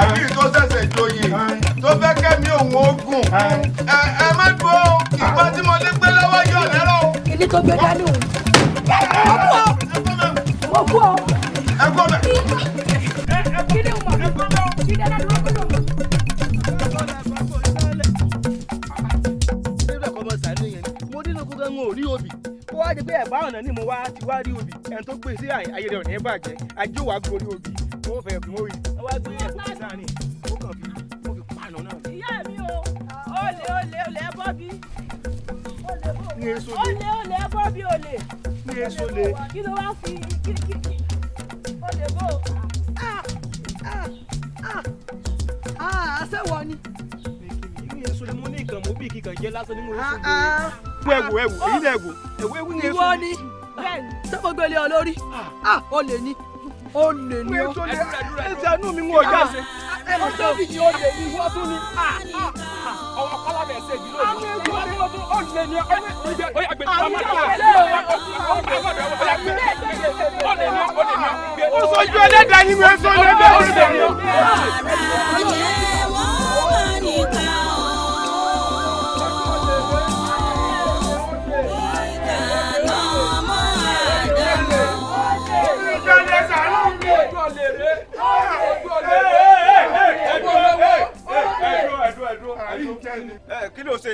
àbí tó ṣẹ̀ṣẹ̀ joyè tó fẹ́ kẹ́mi òun ogun ẹ ẹ má dúró ìgbà tí mo lè gbé lọ́wọ́ yọ̀ lẹ́rọ̀. kíní tó gbé dání o. mo kú ọ. ẹ kú ọ. kíní o mọ̀ kí dáná dúró kúrò. mo dín ní kú gan-an ò rí obì kó wá di pé ẹ̀bá ọ̀nà ni mo wá ti wá rí obì ẹni tó gbé sí ayé rẹ̀ ò ní bàjẹ́ ajé ò wá gorí obì wọ́n fẹ́ kún orí ẹ wá gbé yẹn kókó sáà ni ó kàn fi ó fi pààlọ́ náà. ìyá mi o olè olè olè ẹ bọ́ bí olè olè ẹ bọ́ bí olè olè kí ló wá fi kí kí kí olè bò. àṣẹwọ ni. ní èso ni mo ní ìkànnì mo èyí lẹ wò ẹwù ẹwù ní èso. ni sọ gbogbo ilé ọ lórí ni ó lè ní ọ ẹsẹ inú mi mú ọjà ọjọ́ bíi ni ó lè ní wọ́n tún ní. ọwọ́ kọ́lá bẹ̀ ṣe ìdílé òní wọ́n tún tún ó lè ní ọjọ́ ìgbẹ́ ó yà gbé ní ọmọ náà ó yà gbé ní ó lè ní ó lè ní. ó sọ ju ẹlẹ́dàá yín mi ó sọ ẹlẹ́dàá yín mi. ọ̀lẹ́rẹ́ ojú ọ̀lẹ́rẹ́ ojú ọ̀lẹ́rẹ́. kí ló ṣe.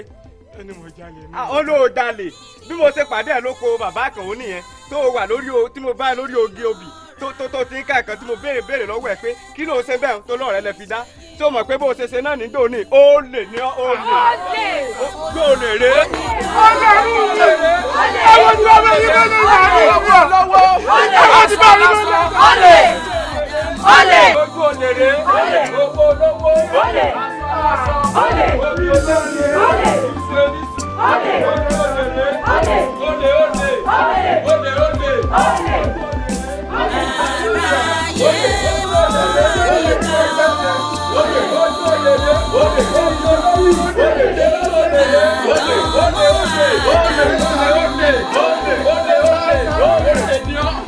ẹni mo jalè ní. ó ló jalè bí mo ṣe pàdé ẹ lóko bàbá àkànwó nìyẹn tó wà lórí o tí mo bá lórí oge obì tó tó ti ń ká nǹkan tí mo béèrè béèrè lọ́wọ́ ẹ pé kí ló ṣe bẹ́ẹ̀ tó lọ́ọ̀rẹ́ lẹ fi dá tó mọ̀ pé bó ṣe ṣe náà nígbà òní ó lè ní ó lè gbé ó lè rè é. ó lè rí ìlè ẹ̀wọ̀n tí wọ́n bẹ ní lọ́wọ́ lọ́wọ́ ó lè ó lè olè ojú olèrè olè owó olówó olè aṣọ olè ojú olèrè olè olè ojú olèrè olè olè olè olè olè olè.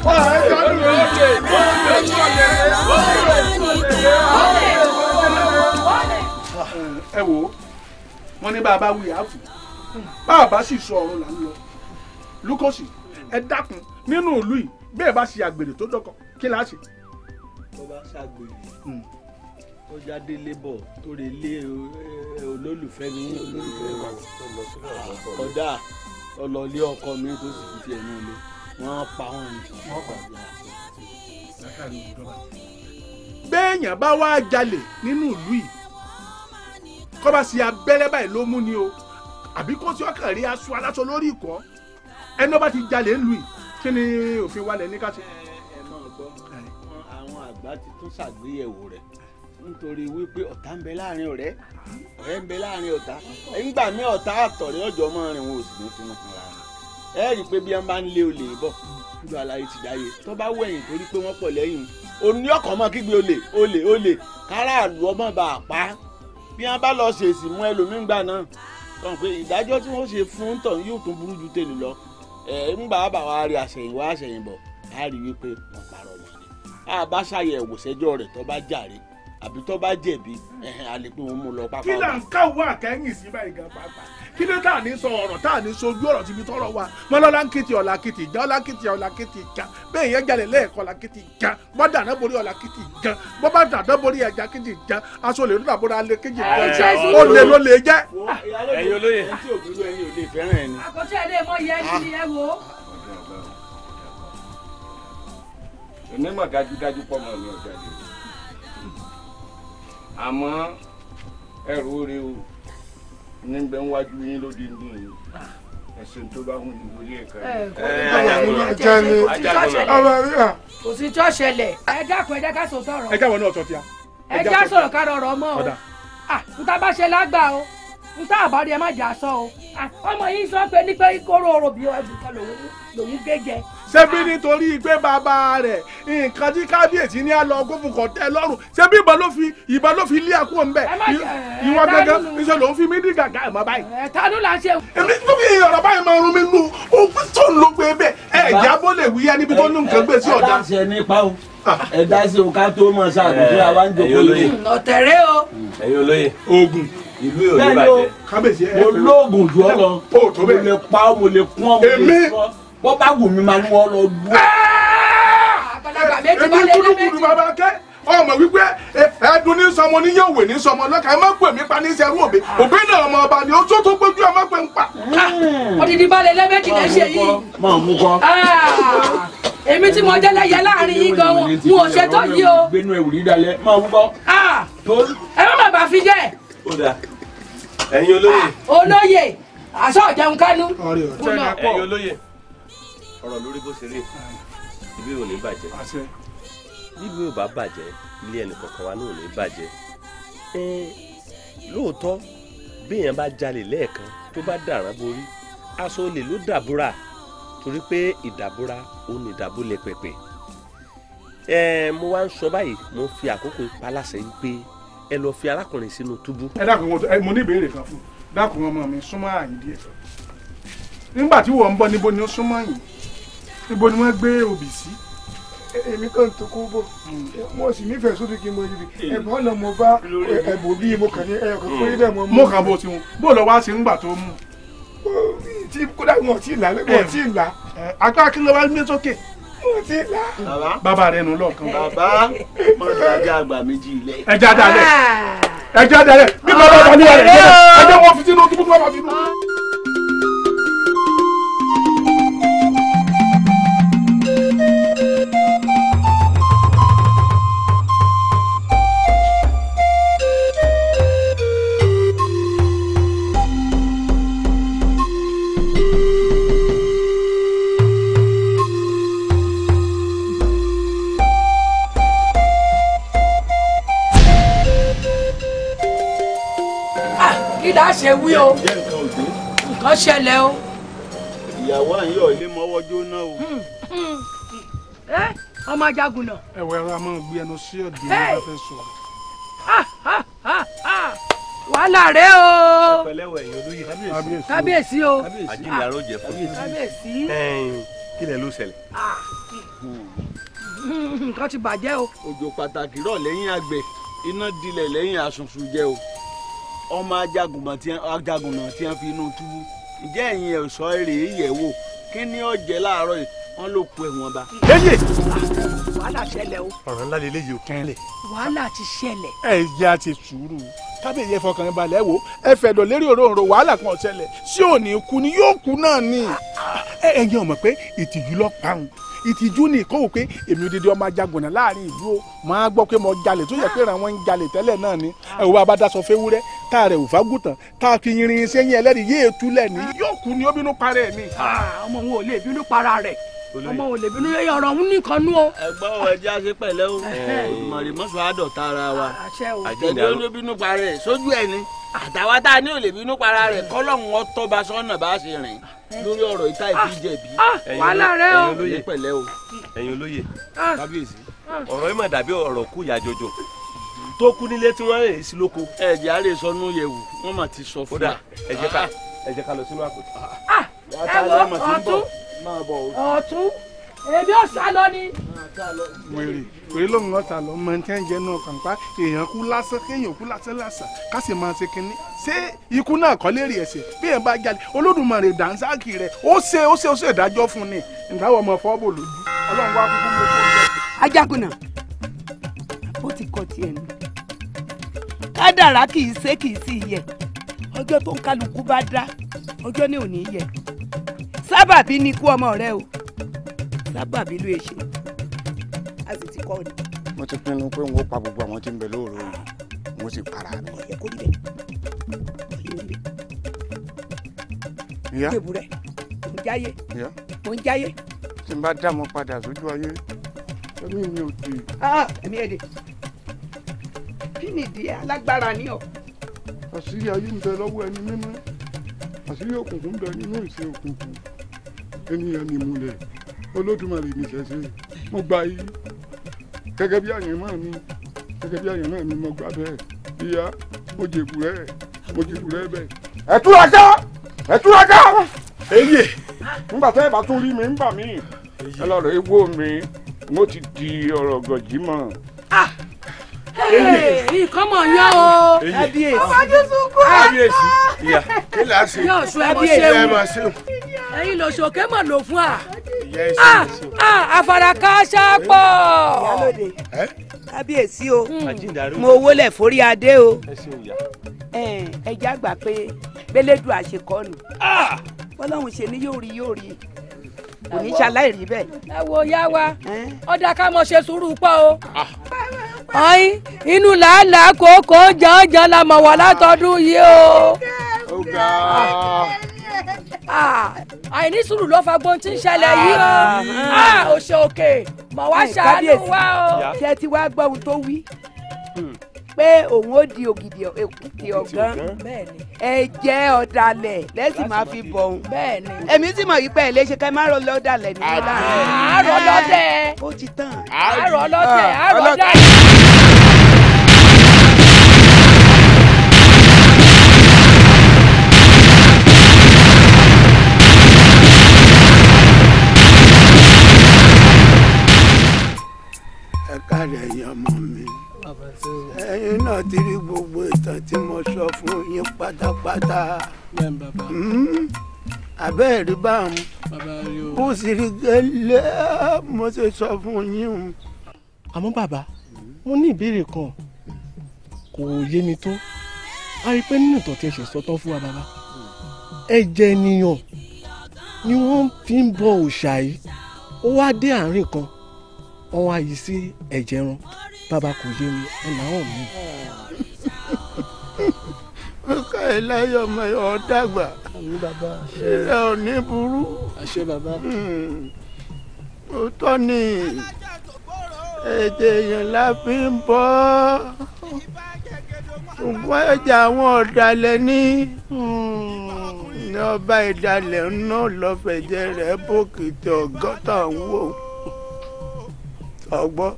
Oh, ẹ wò ó wọn ní bàbá wí àfù bàbá sì sọ ọ̀run là ń lọ lukosi ẹ dákun nínú ìlú yìí bẹ́ẹ̀ bá ṣe àgbèrè tó dọ́kọ kí la ṣe. tó bá ṣàgbèrè hmm. tó jáde lébọ̀ tó lè lé eh, olólùfẹ́ mi olólùfẹ́ mi kódà ọlọ́ọ̀lé ọkọ mi tó sì fi tiẹ̀ náà lé wọ́n pa wọn ni. béèyàn bá wá jalè nínú ìlú yìí kọ́ bá sì abẹ́rẹ́ báyìí ló mú ni o àbí kó sí ọkàn rí aṣọ aláṣọ lórí ìkọ́ ẹni ó bá ti jalè ń lù yìí kí ni òfin wa lẹ̀ ní ká ṣe. ẹ mọ gbọ́ àwọn àgbà ti tún ṣàgbéyẹ̀wò rẹ̀ nítorí wípé ọ̀tá ń bẹ láàrin ọ̀rẹ́ ọ̀rẹ́ ń bẹ láàrin ọ̀tá ńgbà mí ọ̀tá àtọ̀rẹ́ ọ̀jọ̀ mọ́ rìn wọn ò sì ní fún wọn fúnra rẹ̀ ẹ rí i pé bí wọ́n bá ń lé olè bọ̀ lọ àlàyé ti dáyé tó bá wẹ̀yìn torí pé wọ́n pọ̀ lẹ́yìn òní mọ́ kígbe olè olè olè káràlú ọmọ bàá pa á bí wọn bá lọ ṣèṣì mú ẹlòmíín gbà náà tọ̀hún pé ìdájọ́ tí wọ́n ṣe fún tọ̀hún yóò tún burú ju tèlè lọ ẹ̀ ń bá bá wa rí àṣẹ̀yìnwá àṣẹ̀yìnbọ̀ á rí wípé wọ́n parọ́ wọn ni àbá ṣàyẹ̀wò ṣẹjọ́ rẹ̀ tó bá jàre àbí tó bá jẹ̀bi àlepé wọn mú lọ pápá. kí là ń káwọ àkẹ́yìn sí báyìí gan pàápàá kí ló tà ní sọ ọ̀rọ̀ tà ní sojú ọ̀rọ̀ síbi tọ́rọ̀ wa mọ́ ń kìtì ọ̀la kìtì ìjà ọ̀la kìtì ọ̀la kìtì ìjà bẹ́ẹ̀ yẹn jalè lẹ́ẹ̀kọ́ ọ̀la kìtì ìjà bọ́ dàná borí ọ̀la kìtì ìjà bọ́ bá dàná borí ẹja kìtì ìjà aṣọ lè lọ́dà borí alẹ́ kìtì ìjà ó lè ló lè jẹ́. ẹ̀yin olóye ẹ̀yin ò lè fẹ́ràn ẹni. àkọ́tún ẹ àmọ́ ẹrù oore o níbẹ̀ wájú yín lóde ní ẹ̀sìn tó bá hùn ìwòye ẹ̀ka. kò sí tó ṣẹlẹ̀ ẹ dákun ẹ jẹ́ ká sọ sọ̀rọ̀. ẹ jáwọ́ náà sọ fíà. ẹ já sọ̀rọ̀ ká rọrọ̀ mọ́ o ah, nta bá ṣe lágbà o nta àbárí ẹ má jà sọ o ah, ọmọ yìí sọ pé nípa kóró orò bí ọdún kan lòún gé ṣebí nítorí pé bàbá rẹ̀ nǹkan tí kábíyèsí ní àlọ́ gófù kọ̀ tẹ́ lọ́rùn ìbọn ló fi ìbọn ló fi lé àkúrò ńbẹ ìwọ gẹ́gẹ́ iṣẹ́ ló ń fi mí dí gàgà ẹ̀ mọ́ báyìí. ẹ̀tanú la ṣe. èmi fún mi ọ̀rọ̀ báyìí máa rún mi nù ogún tó ń lo pé bẹ́ẹ̀ ẹ̀ jábọ́ lè wíyá níbi tó ní nǹkan gbé sí ọ̀dà. ẹ bá ṣe nípa o ẹ dá sí o ká tó mọ̀ sáà àwa ń jòkó lóye. ìlú yóò ní bàjẹ́. mo lóògùn jù ọ lọ. mo lè pa ọ mo lè kún ọ mo lè kún ọ bọ́ bá wù mí máa ní wọ́n lọ lù ú. èmi kúlùkùlù bàbá kẹ́ ọmọ wípé ẹdun ní sọmọ níyàwó ní sọmọ lọ́kà ẹ má pè mí pa ní sẹ́rú òbí ah. òbí náà ọmọ ọba ni ó tó tó gbójú ẹ má pè ń pa. odidi balẹ̀ lẹ́mẹ̀kì lẹ́ ṣe yìí. máa mú kọ́. Ah! èmi tí mo jẹ́lẹ̀ yẹ láàrin yín gan wọn n ò ṣètò yìí o. gbẹnu ẹ wùrí dalẹ̀ máa mú kọ́. Ah! ẹ má bàbá fi jẹ́. ó dà ẹ̀yin olóye. olóye àṣọ ọ̀jẹun kánú. ẹ̀yin olóye ọ̀rọ̀ lórí bó ṣe rí ibi ò ní bàjẹ́ bíbí ò bá bàjẹ́ ilé ẹnì kọ̀ọ̀kan wa náà ò ní bàjẹ́ lóòótọ́ béèyàn bá jalè lẹ́ẹ̀kan tó bá dàrán borí aṣọ olè ló dàbúrà torí pé ìdàbúrà ò ní ìdàbúlẹ̀ pẹ̀pẹ̀ mo wá ń sọ báyìí mo fi àkókò paláṣẹ wípé ẹ lọ fi arákùnrin sínú túbú. ẹ dákun wọn mo ní ìbéèrè kan fún dákun ọmọ mi súnmọ́ àyè díẹ̀ nígbà tí wọ́n ń bọ̀ níbo ni ó súnmọ́ yìí ibo ni wọ́n gbé òbí sí. E, èmi kàn tó kú bò hmm. e, mo sì nífẹ̀ẹ́ sódì kí n mọ ibi hmm. ẹ̀bùn ọ̀nà mo bá ẹ̀bùn bí mo kàn ní ẹyọ kan pé dẹ̀ mo hmm. mú. mo kàn bó ti wọn bó lọ wá sí ńgbà tó mú. tí kódà wọn ti là wọn ti là. àgbà kí ló wá gbé sókè. mo ti là. bàbá bàbá rẹ nù lọ́ọ̀kan. bàbá mo ń tajà àgbà méjì ilẹ̀. ẹ jáde alẹ ah. ẹ jáde alẹ bí bàbá wà ní alẹ ẹ jẹ́ wọn fi sínú túbú tí wọ́n bá fi nù. wí o nǹkan ṣẹlẹ̀ o. ìyàwó àyọ̀ ilé mọ́wọ́ jóná o. Hmm, hmm. ọmọ ajagun náà. ẹ̀wẹ̀ ra máa gbé ẹnu sí ọ̀dẹ̀ ní bá fẹ́ sọ̀rọ̀. wàhálà rẹ o. ọ̀pẹ̀lẹ̀wẹ̀ yòlúyè kábíyèsí o. kábíyèsí o. àjílẹ̀ àròjẹ fún mi. kábíyèsí. kílẹ̀ ló ṣẹlẹ̀ hmm, nǹkan ti bàjẹ́ o. òjò pàtàkì rọ̀ lẹ́yìn àgbẹ̀ iná dilẹ̀ lẹ́yìn àsùnfùjẹ o ọmọ ajagunmọ̀ tí ajagunmọ̀ tí wọ́n fi inú túbú ǹjẹ́ ẹ̀yin ẹ̀ṣọ́ èrè yẹ̀ wò kí ni ó jẹ́ láàárọ̀ yìí wọ́n ló ku ẹ̀wọ̀n ba. lẹ́yìn. wàhálà ṣẹlẹ̀ o. ọ̀rọ̀ ńlá lélẹ́ yìí o. kẹ́lẹ̀. wàhálà ti ṣẹlẹ̀. ẹ jẹ́ àti sùúrù kábíyèyẹ fọkàn balẹ̀ wo ẹ fẹ̀dọ̀ lérí òróǹro wàhálà kan ṣẹlẹ̀ sí òní kú ni yóò kú náà ni. ẹ ẹ yẹn ò mọ̀ pé ìtìjú lọ pa òun ìtìjú ni ìkó wò pé èmi òdìdí ọmọ ajagunà láàrin ìlú o máa gbọ́ pé mo jalè tó yẹ pé ràn wọ́n ń jalè tẹ́lẹ̀ náà ni ah. ẹ̀ wọ́n bá daṣọ fẹ́wúrẹ́ tá a rẹ̀ ò fagùtàn tá a fi irin sẹ́yìn ẹlẹ́rìí yéé túlẹ̀ ni yóò kú ni ó bínú para ẹ̀ ni. Ah. Ah, ọmọ wọn ò lè bínú para rẹ̀ ọmọ ò lè bínú yẹ ọ̀rọ̀ òun nìkan nú o. ẹ̀gbọ́n wọn ẹ jẹ́ eh, eh. Eh, àṣẹ o mọ̀rìmọ́sọ àdọ̀tà ara wa àjẹjọ́ ló bínú para ẹ̀ sójú ẹ̀ ni àtàwọn tá a ní ò lè bínú para rẹ̀ kọ́lọ́hún ọtọ́ bá sọ́nà bá ṣe rìn lórí ọ̀rọ̀ ìta ìbíjẹ̀bí. Ah, ah, wàhálà rẹ o ẹ̀yin olóye pẹ̀lẹ́ o ẹ̀yin olóye ah, kábíyèsí. ọ̀rọ̀ yìí mà dàbí ọ̀rọ̀ kú ìyá jọjọ tó kú nílé tí wọ́n rèé sí lóko. ẹ̀jẹ̀ á lè sọ nú yẹ̀wù wọ́n mà ti sọ fún wa. ẹ jẹ́ ká lọ sínú àpótí. ẹ wo ọ̀tún ọ̀tún èmi ò sá lọ ni. wèrè wèrè lòun náà sá lọ mọ ní tẹ́ ń jẹ náà kàǹpá èèyàn kú lásán kéèyàn kú lásán lásán ká sì máa ṣe kínní ṣé ikú náà kọ́ lérè ẹ̀ṣẹ̀ bí èèyàn bá jáde olódùmarè dànsáàkì ó ni ìdáwọ̀ ọmọ fọ́ọ̀bù lójú ọlọ́run wá kúkú ló kó ajagunna ó ti kọ tiẹ̀ nù kádàrá kì í ṣe kì í sì yẹ ọjọ́ tó ń kálukú bá dá ọjọ́ ní òní yẹ sábàbí ọmọ rẹ o. alábàbí ló ṣe a sì ti kọ́ ni. mo ti pinnu pé n ó pa gbogbo àwọn tí ń bẹ lóòrò yìí mo sì para mi. ọ̀yẹ́ kò níbẹ̀ ọ̀yẹ́ níbẹ̀. ìyá ìdèbù rẹ̀ mò ń jáyé mò ń jáyé. tí n bá dá mo padà sójú ayé ẹ̀mí mi ò dì. ẹ̀mí ẹ̀ dè kí nìdí alágbára ni ọ. àṣírí ayé ń bẹ lọ́wọ́ ẹni mímọ́ àṣírí òkùnkùn ń bẹ nínú ìṣe òkùnkùn ènìyàn ni mo olódùmarè ní ìṣẹ̀ṣe mo gba yìí gẹ́gẹ́ bí àyàn náà mi gẹ́gẹ́ bí àyàn náà mi mo gba bẹ́ẹ̀ ìyá mo jèbù rẹ̀ mo jèbù rẹ̀ bẹ́ẹ̀. ẹ túra ká ẹ túra ká. eyín nígbà tẹ́ ẹ bá tún rí mi ń mí ẹ lọ́ọ́ rẹ̀ wó mi mo ti di ọ̀rọ̀ gọ̀jì mọ́. nǹkan ah! mọ̀ yán o kábíyèsí kábíyèsí yóò sọ ẹbí èyí ẹyin lòṣòkè mọ̀ lò fún wa. Ah, ah, àfàràkàṣà pọ̀ kábíyèsí o hmm. mo wólẹ̀ forí adé o ẹ̀jẹ̀ àgbà pé gbélédù àṣekọ́nù ah! bọ́lọ́hún ṣe ni yóò rí yóò rí kò ní ṣaláì rí bẹ́ẹ̀. ẹ wo yá wa ọ̀dà ká mọ̀ ṣe sùúrù pọ̀ o. ọyìn inú làálàá kòókòó jẹ́ọ́jẹ́ la mọ̀ wà látọdún yìí o. Ah, àìní sùúrù ló fa gbóhùn tí ń ṣẹlẹ̀ yìí o òṣè ah. ah, òkè mọ̀ wá ṣàánú wá o. ṣé ti wá gbọ́ ohun tó wí hmm. pé òun ó di ògidì èkìtì ọ̀gán ẹ jẹ́ ọ̀dàlẹ̀ lẹ́sìn máa fi bọ̀ òun èmi sì mọ̀ wípé ẹ̀ lè ṣe ká má rọ lọ́dàlẹ̀ nínú láàrin. àárọ̀ lọ́dẹ̀ ó ti tàn. àárọ̀ lọ́dẹ̀ àárọ̀ lọ́dẹ̀. kálẹ̀ ẹ̀yin ọmọ mi ẹ̀yin náà ti rí gbogbo ìtàn tí mo sọ fún yín pátápátá hmm? abẹ́ ẹ̀rí bá ń kú sí rí gẹ́lẹ́ mo ṣe sọ fún yín. àmọ́ bàbá mo ní ìbéèrè kan kò yé mi tó a rí i pé nínú ìtàn tí ẹ ṣe sọ tán fún wa bàbá ẹ̀jẹ̀ ènìyàn ni wọ́n fi ń bọ òòṣà yìí ó wá dé àárín kan wọ́n wá yìí sí ẹ̀jẹ̀ run bàbá kò yé mi ẹ̀ làwọn mi. mo ká ẹ láyọ̀ ọmọ ẹ̀ ọ́ dàgbà ilẹ̀ ò ní burú. àṣẹ bàbá. mo tọ́ ni èdè èèyàn la fi ń bọ́ ṣùgbọ́n ẹ̀jẹ̀ àwọn ọ̀dàlẹ̀ ní ní ọba ìdàlẹ̀ náà lọ́fẹ̀ẹ́jẹ̀ rẹ̀ bókìtì ọ̀gọ́ta wò ọgbọ́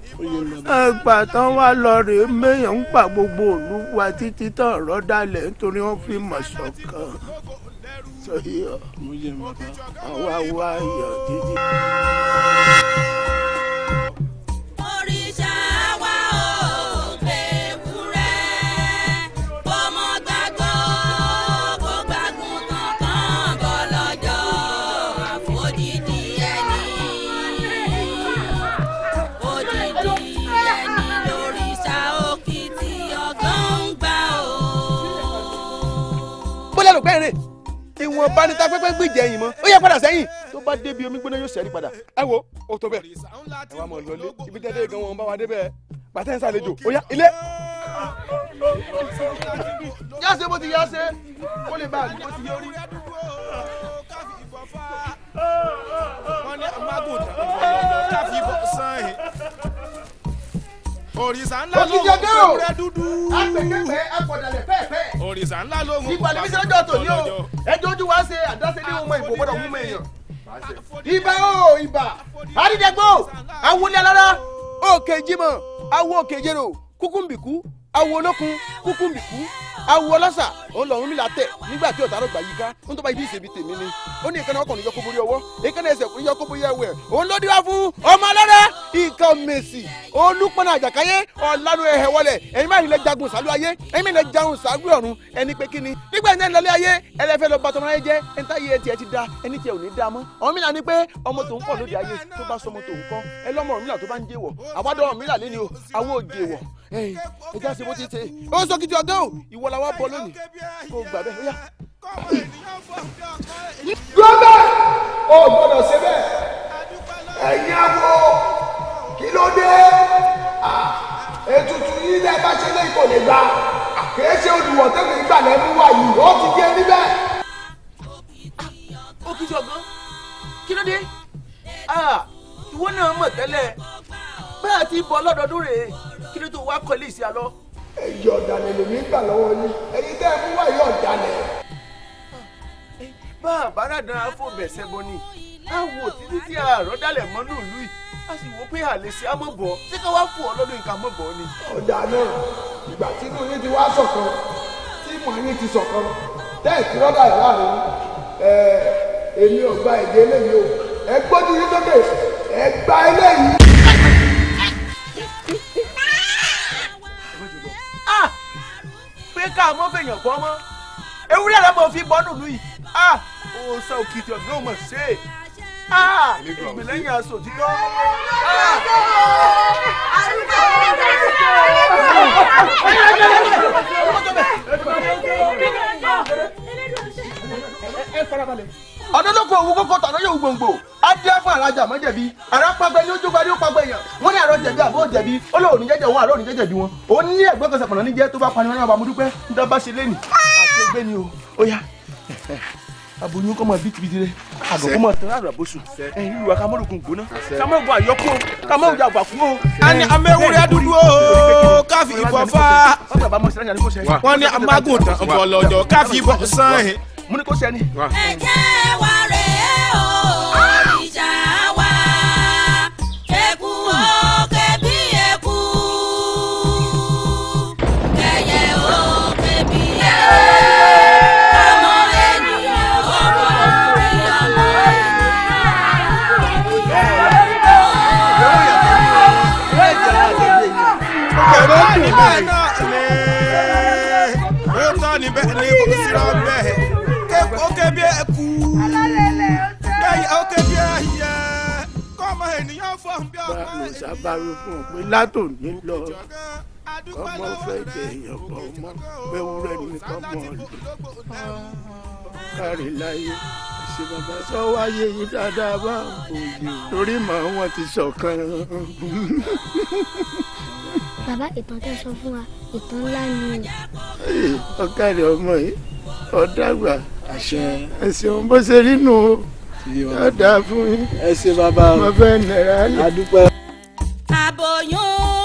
ẹgbà tán wá lọ rèé méèyàn ń pa gbogbo òlu wa títí tán ọ̀rọ̀ dalẹ̀ nítorí wọ́n fi mọ̀ ṣọ̀kan sọ yìí ọ àwa wá yọ̀ títí. pẹ́ẹ́rẹ́ ìwọ̀n bá ní ta pẹ́pẹ́ gbìjẹ ẹ̀yìn mọ́ ó yẹ padà sẹ́yìn tó bá débi omi gbóná yóò sẹ́rí padà ẹ wo ó tó bẹ́ẹ̀ ẹ wà mọ̀ lọlé ibi tẹ́tẹ́ gan wọn bá wa débẹ̀ pàtẹ́ ń sàlejò ó yá ilé. yá ṣe bó ti yá ṣe ó lè bá àlùkò ti yọrí. òrìṣà ńlá ló ń kó rẹ dúdú. apẹ̀kẹ́pẹ́ akọ̀dàlẹ̀ pẹ́ẹ́pẹ́. òrìṣà ńlá ló ń kó ìpàdé mi sọ́jọ́ tòní o ẹjọ́ ojú wa ṣe àdáṣe ní ọmọ ìbò gbọ́dọ̀ mú mẹ́yàn. ibà o ibà àdídẹ́gbò awolẹ̀ alára òkè jimọ̀ awo òkè jero kúkúmbìkú awo olókun kúkúmbìkú awo ọlọ́sà ó ń lọ ọ̀run mi là tẹ̀ nígbà tí ọ̀tá àrògbà yìí ká ń tó bá ibi ìṣèbí tèmi ni ó ní ìkànnì ọkùnrin yọkó borí ọwọ́ ìkànnì ẹsẹ̀ kò yọkó borí ẹwẹ̀ òun ló díwá fún ọmọ lọ́rẹ́ nǹkan mèsì olùpọ̀nà àjàkáyé ọ̀lànà ẹ̀hẹ̀ wọlé ẹ̀yin máa ilẹ̀ jagun sálú ayé ẹ̀yin máa ilẹ̀ jagun sálú ọ̀run ẹni pé kíni nígbà yẹn lọlé ayé ẹlẹ́fẹ́ lọ bàtọ́ máa jẹ́ ẹni táyé ẹ tiẹ̀ ti da ẹni tiẹ̀ ò ní da mọ́ ọmọ mi là ní pé ọmọ tòun pọ̀ lóde ayé tó bá sọmọ tòun kọ́ ẹ lọ́mọ ọ̀run mi là tó bá ń jẹ́wọ̀ àwádọ́ ọ̀run mi là lé o àwọn òjèwọ̀ ẹ ẹ já sí bó ti ṣe ó sọ kìtì ọdọ́ ìwọ làwọn bọ lónìí kó gbà bẹ́ẹ̀ bóyá. lọ́bẹ̀ ò gbọ́dọ̀ ṣe bẹ́ẹ̀ ẹ̀yin àwọ̀ kí ló dé ètùtù yìí lẹ́ bá ṣe lé kò lè gbà kìí ṣe olùwọ̀ tẹ́lẹ̀ ìgbà lẹ́nu wà yìí ó ti gé níbẹ̀. ó kí jọ̀gán kí ló dé ìwọ náà mọ̀ tẹ́lẹ̀ bá a ti bọ̀ lọ́dọọdún rèé kí ló tó wá kọ́lé ìsìn àlọ́. ẹ̀jọ̀ ọ̀dàlẹ̀ lèmi gbà lọwọ yín ẹ̀yin tẹ́ ẹ mú wáyé a bá dáadáa á bẹ̀ ni a wò títí tí àárọ̀ dálẹ̀ mọ́ nílùú yìí a sì wò pé àlè sí amọ̀bọ̀ ṣé ká wá ọ lọ́dún ni. ọ̀dà náà ìgbà tí inú yín ti wá sọ̀kan tí mọ̀ yín ti láàrin èmi ò gba eléyìí o ẹ pé ká mọ́ fèèyàn bọ́ mọ́ ewúrẹ́ rẹ mọ̀ fi bọ́nù lù yìí ó sọ òkìtì ọ̀gbìn ò mọ̀ ṣe é ìgbìlẹ̀yìn aṣòjì lọ. ọdún ló kọ òwú kókó tàná yóò gbòǹgbò á dé fún alájà mọ́jẹ̀bi àrà pàgbẹ́ ni ó jógbá ni ó pàgbẹ́ yàn jẹ̀bi àbó jẹ̀bi ó lóun ní jẹ́jẹ̀ wọn àlóun ní jẹ́jẹ̀ bí wọn òun ní ẹ̀gbọ́n kan sàpọ̀nà níjẹ́ tó bá pani wọn náà bá mu dúpẹ́ níta ṣe lẹ́nu àti ẹgbẹ́ ni o ó yá aboyún kọ́ mọ bitibiti rẹ àgọ́ kọ́ mọ tán àrà bóṣù ìlú wa ká mọ́ lókun gbóná ká mọ́ ògùn àyọkú ká mọ́ ògùn àgbàkú o. a ní amẹ́wúrẹ́ dúdú o káfí ìbọn fá wọ́n ní amágùn tán ọ̀pọ̀lọ̀jọ̀ káfí ìbọn sàn. mo ní sẹ́ni. ẹ jẹ́ bá lòṣà bá rú fún ọ pé látòní lọ ọmọ fẹ́ jẹ èèyàn kan ọmọ bẹ́ẹ̀ wúrẹ́ nìkan mọ̀ ọ́ lò kárí láyé ṣe bàbá sọ wáyé yìí dáadáa bá òye torí màá wọn ti ṣọ̀kan. bàbá ìtàn tẹ́ sọ fún wa ìtàn ńlá ni. ọkàlẹ̀ ọmọ yìí ọ̀dàgbà àṣẹ ẹ̀sìn ọ̀hún bó ṣe rí nù o yóò dáa fún yín ẹ ṣe bàbá o mo fẹ́ nẹ̀rẹ̀ á àbòyún.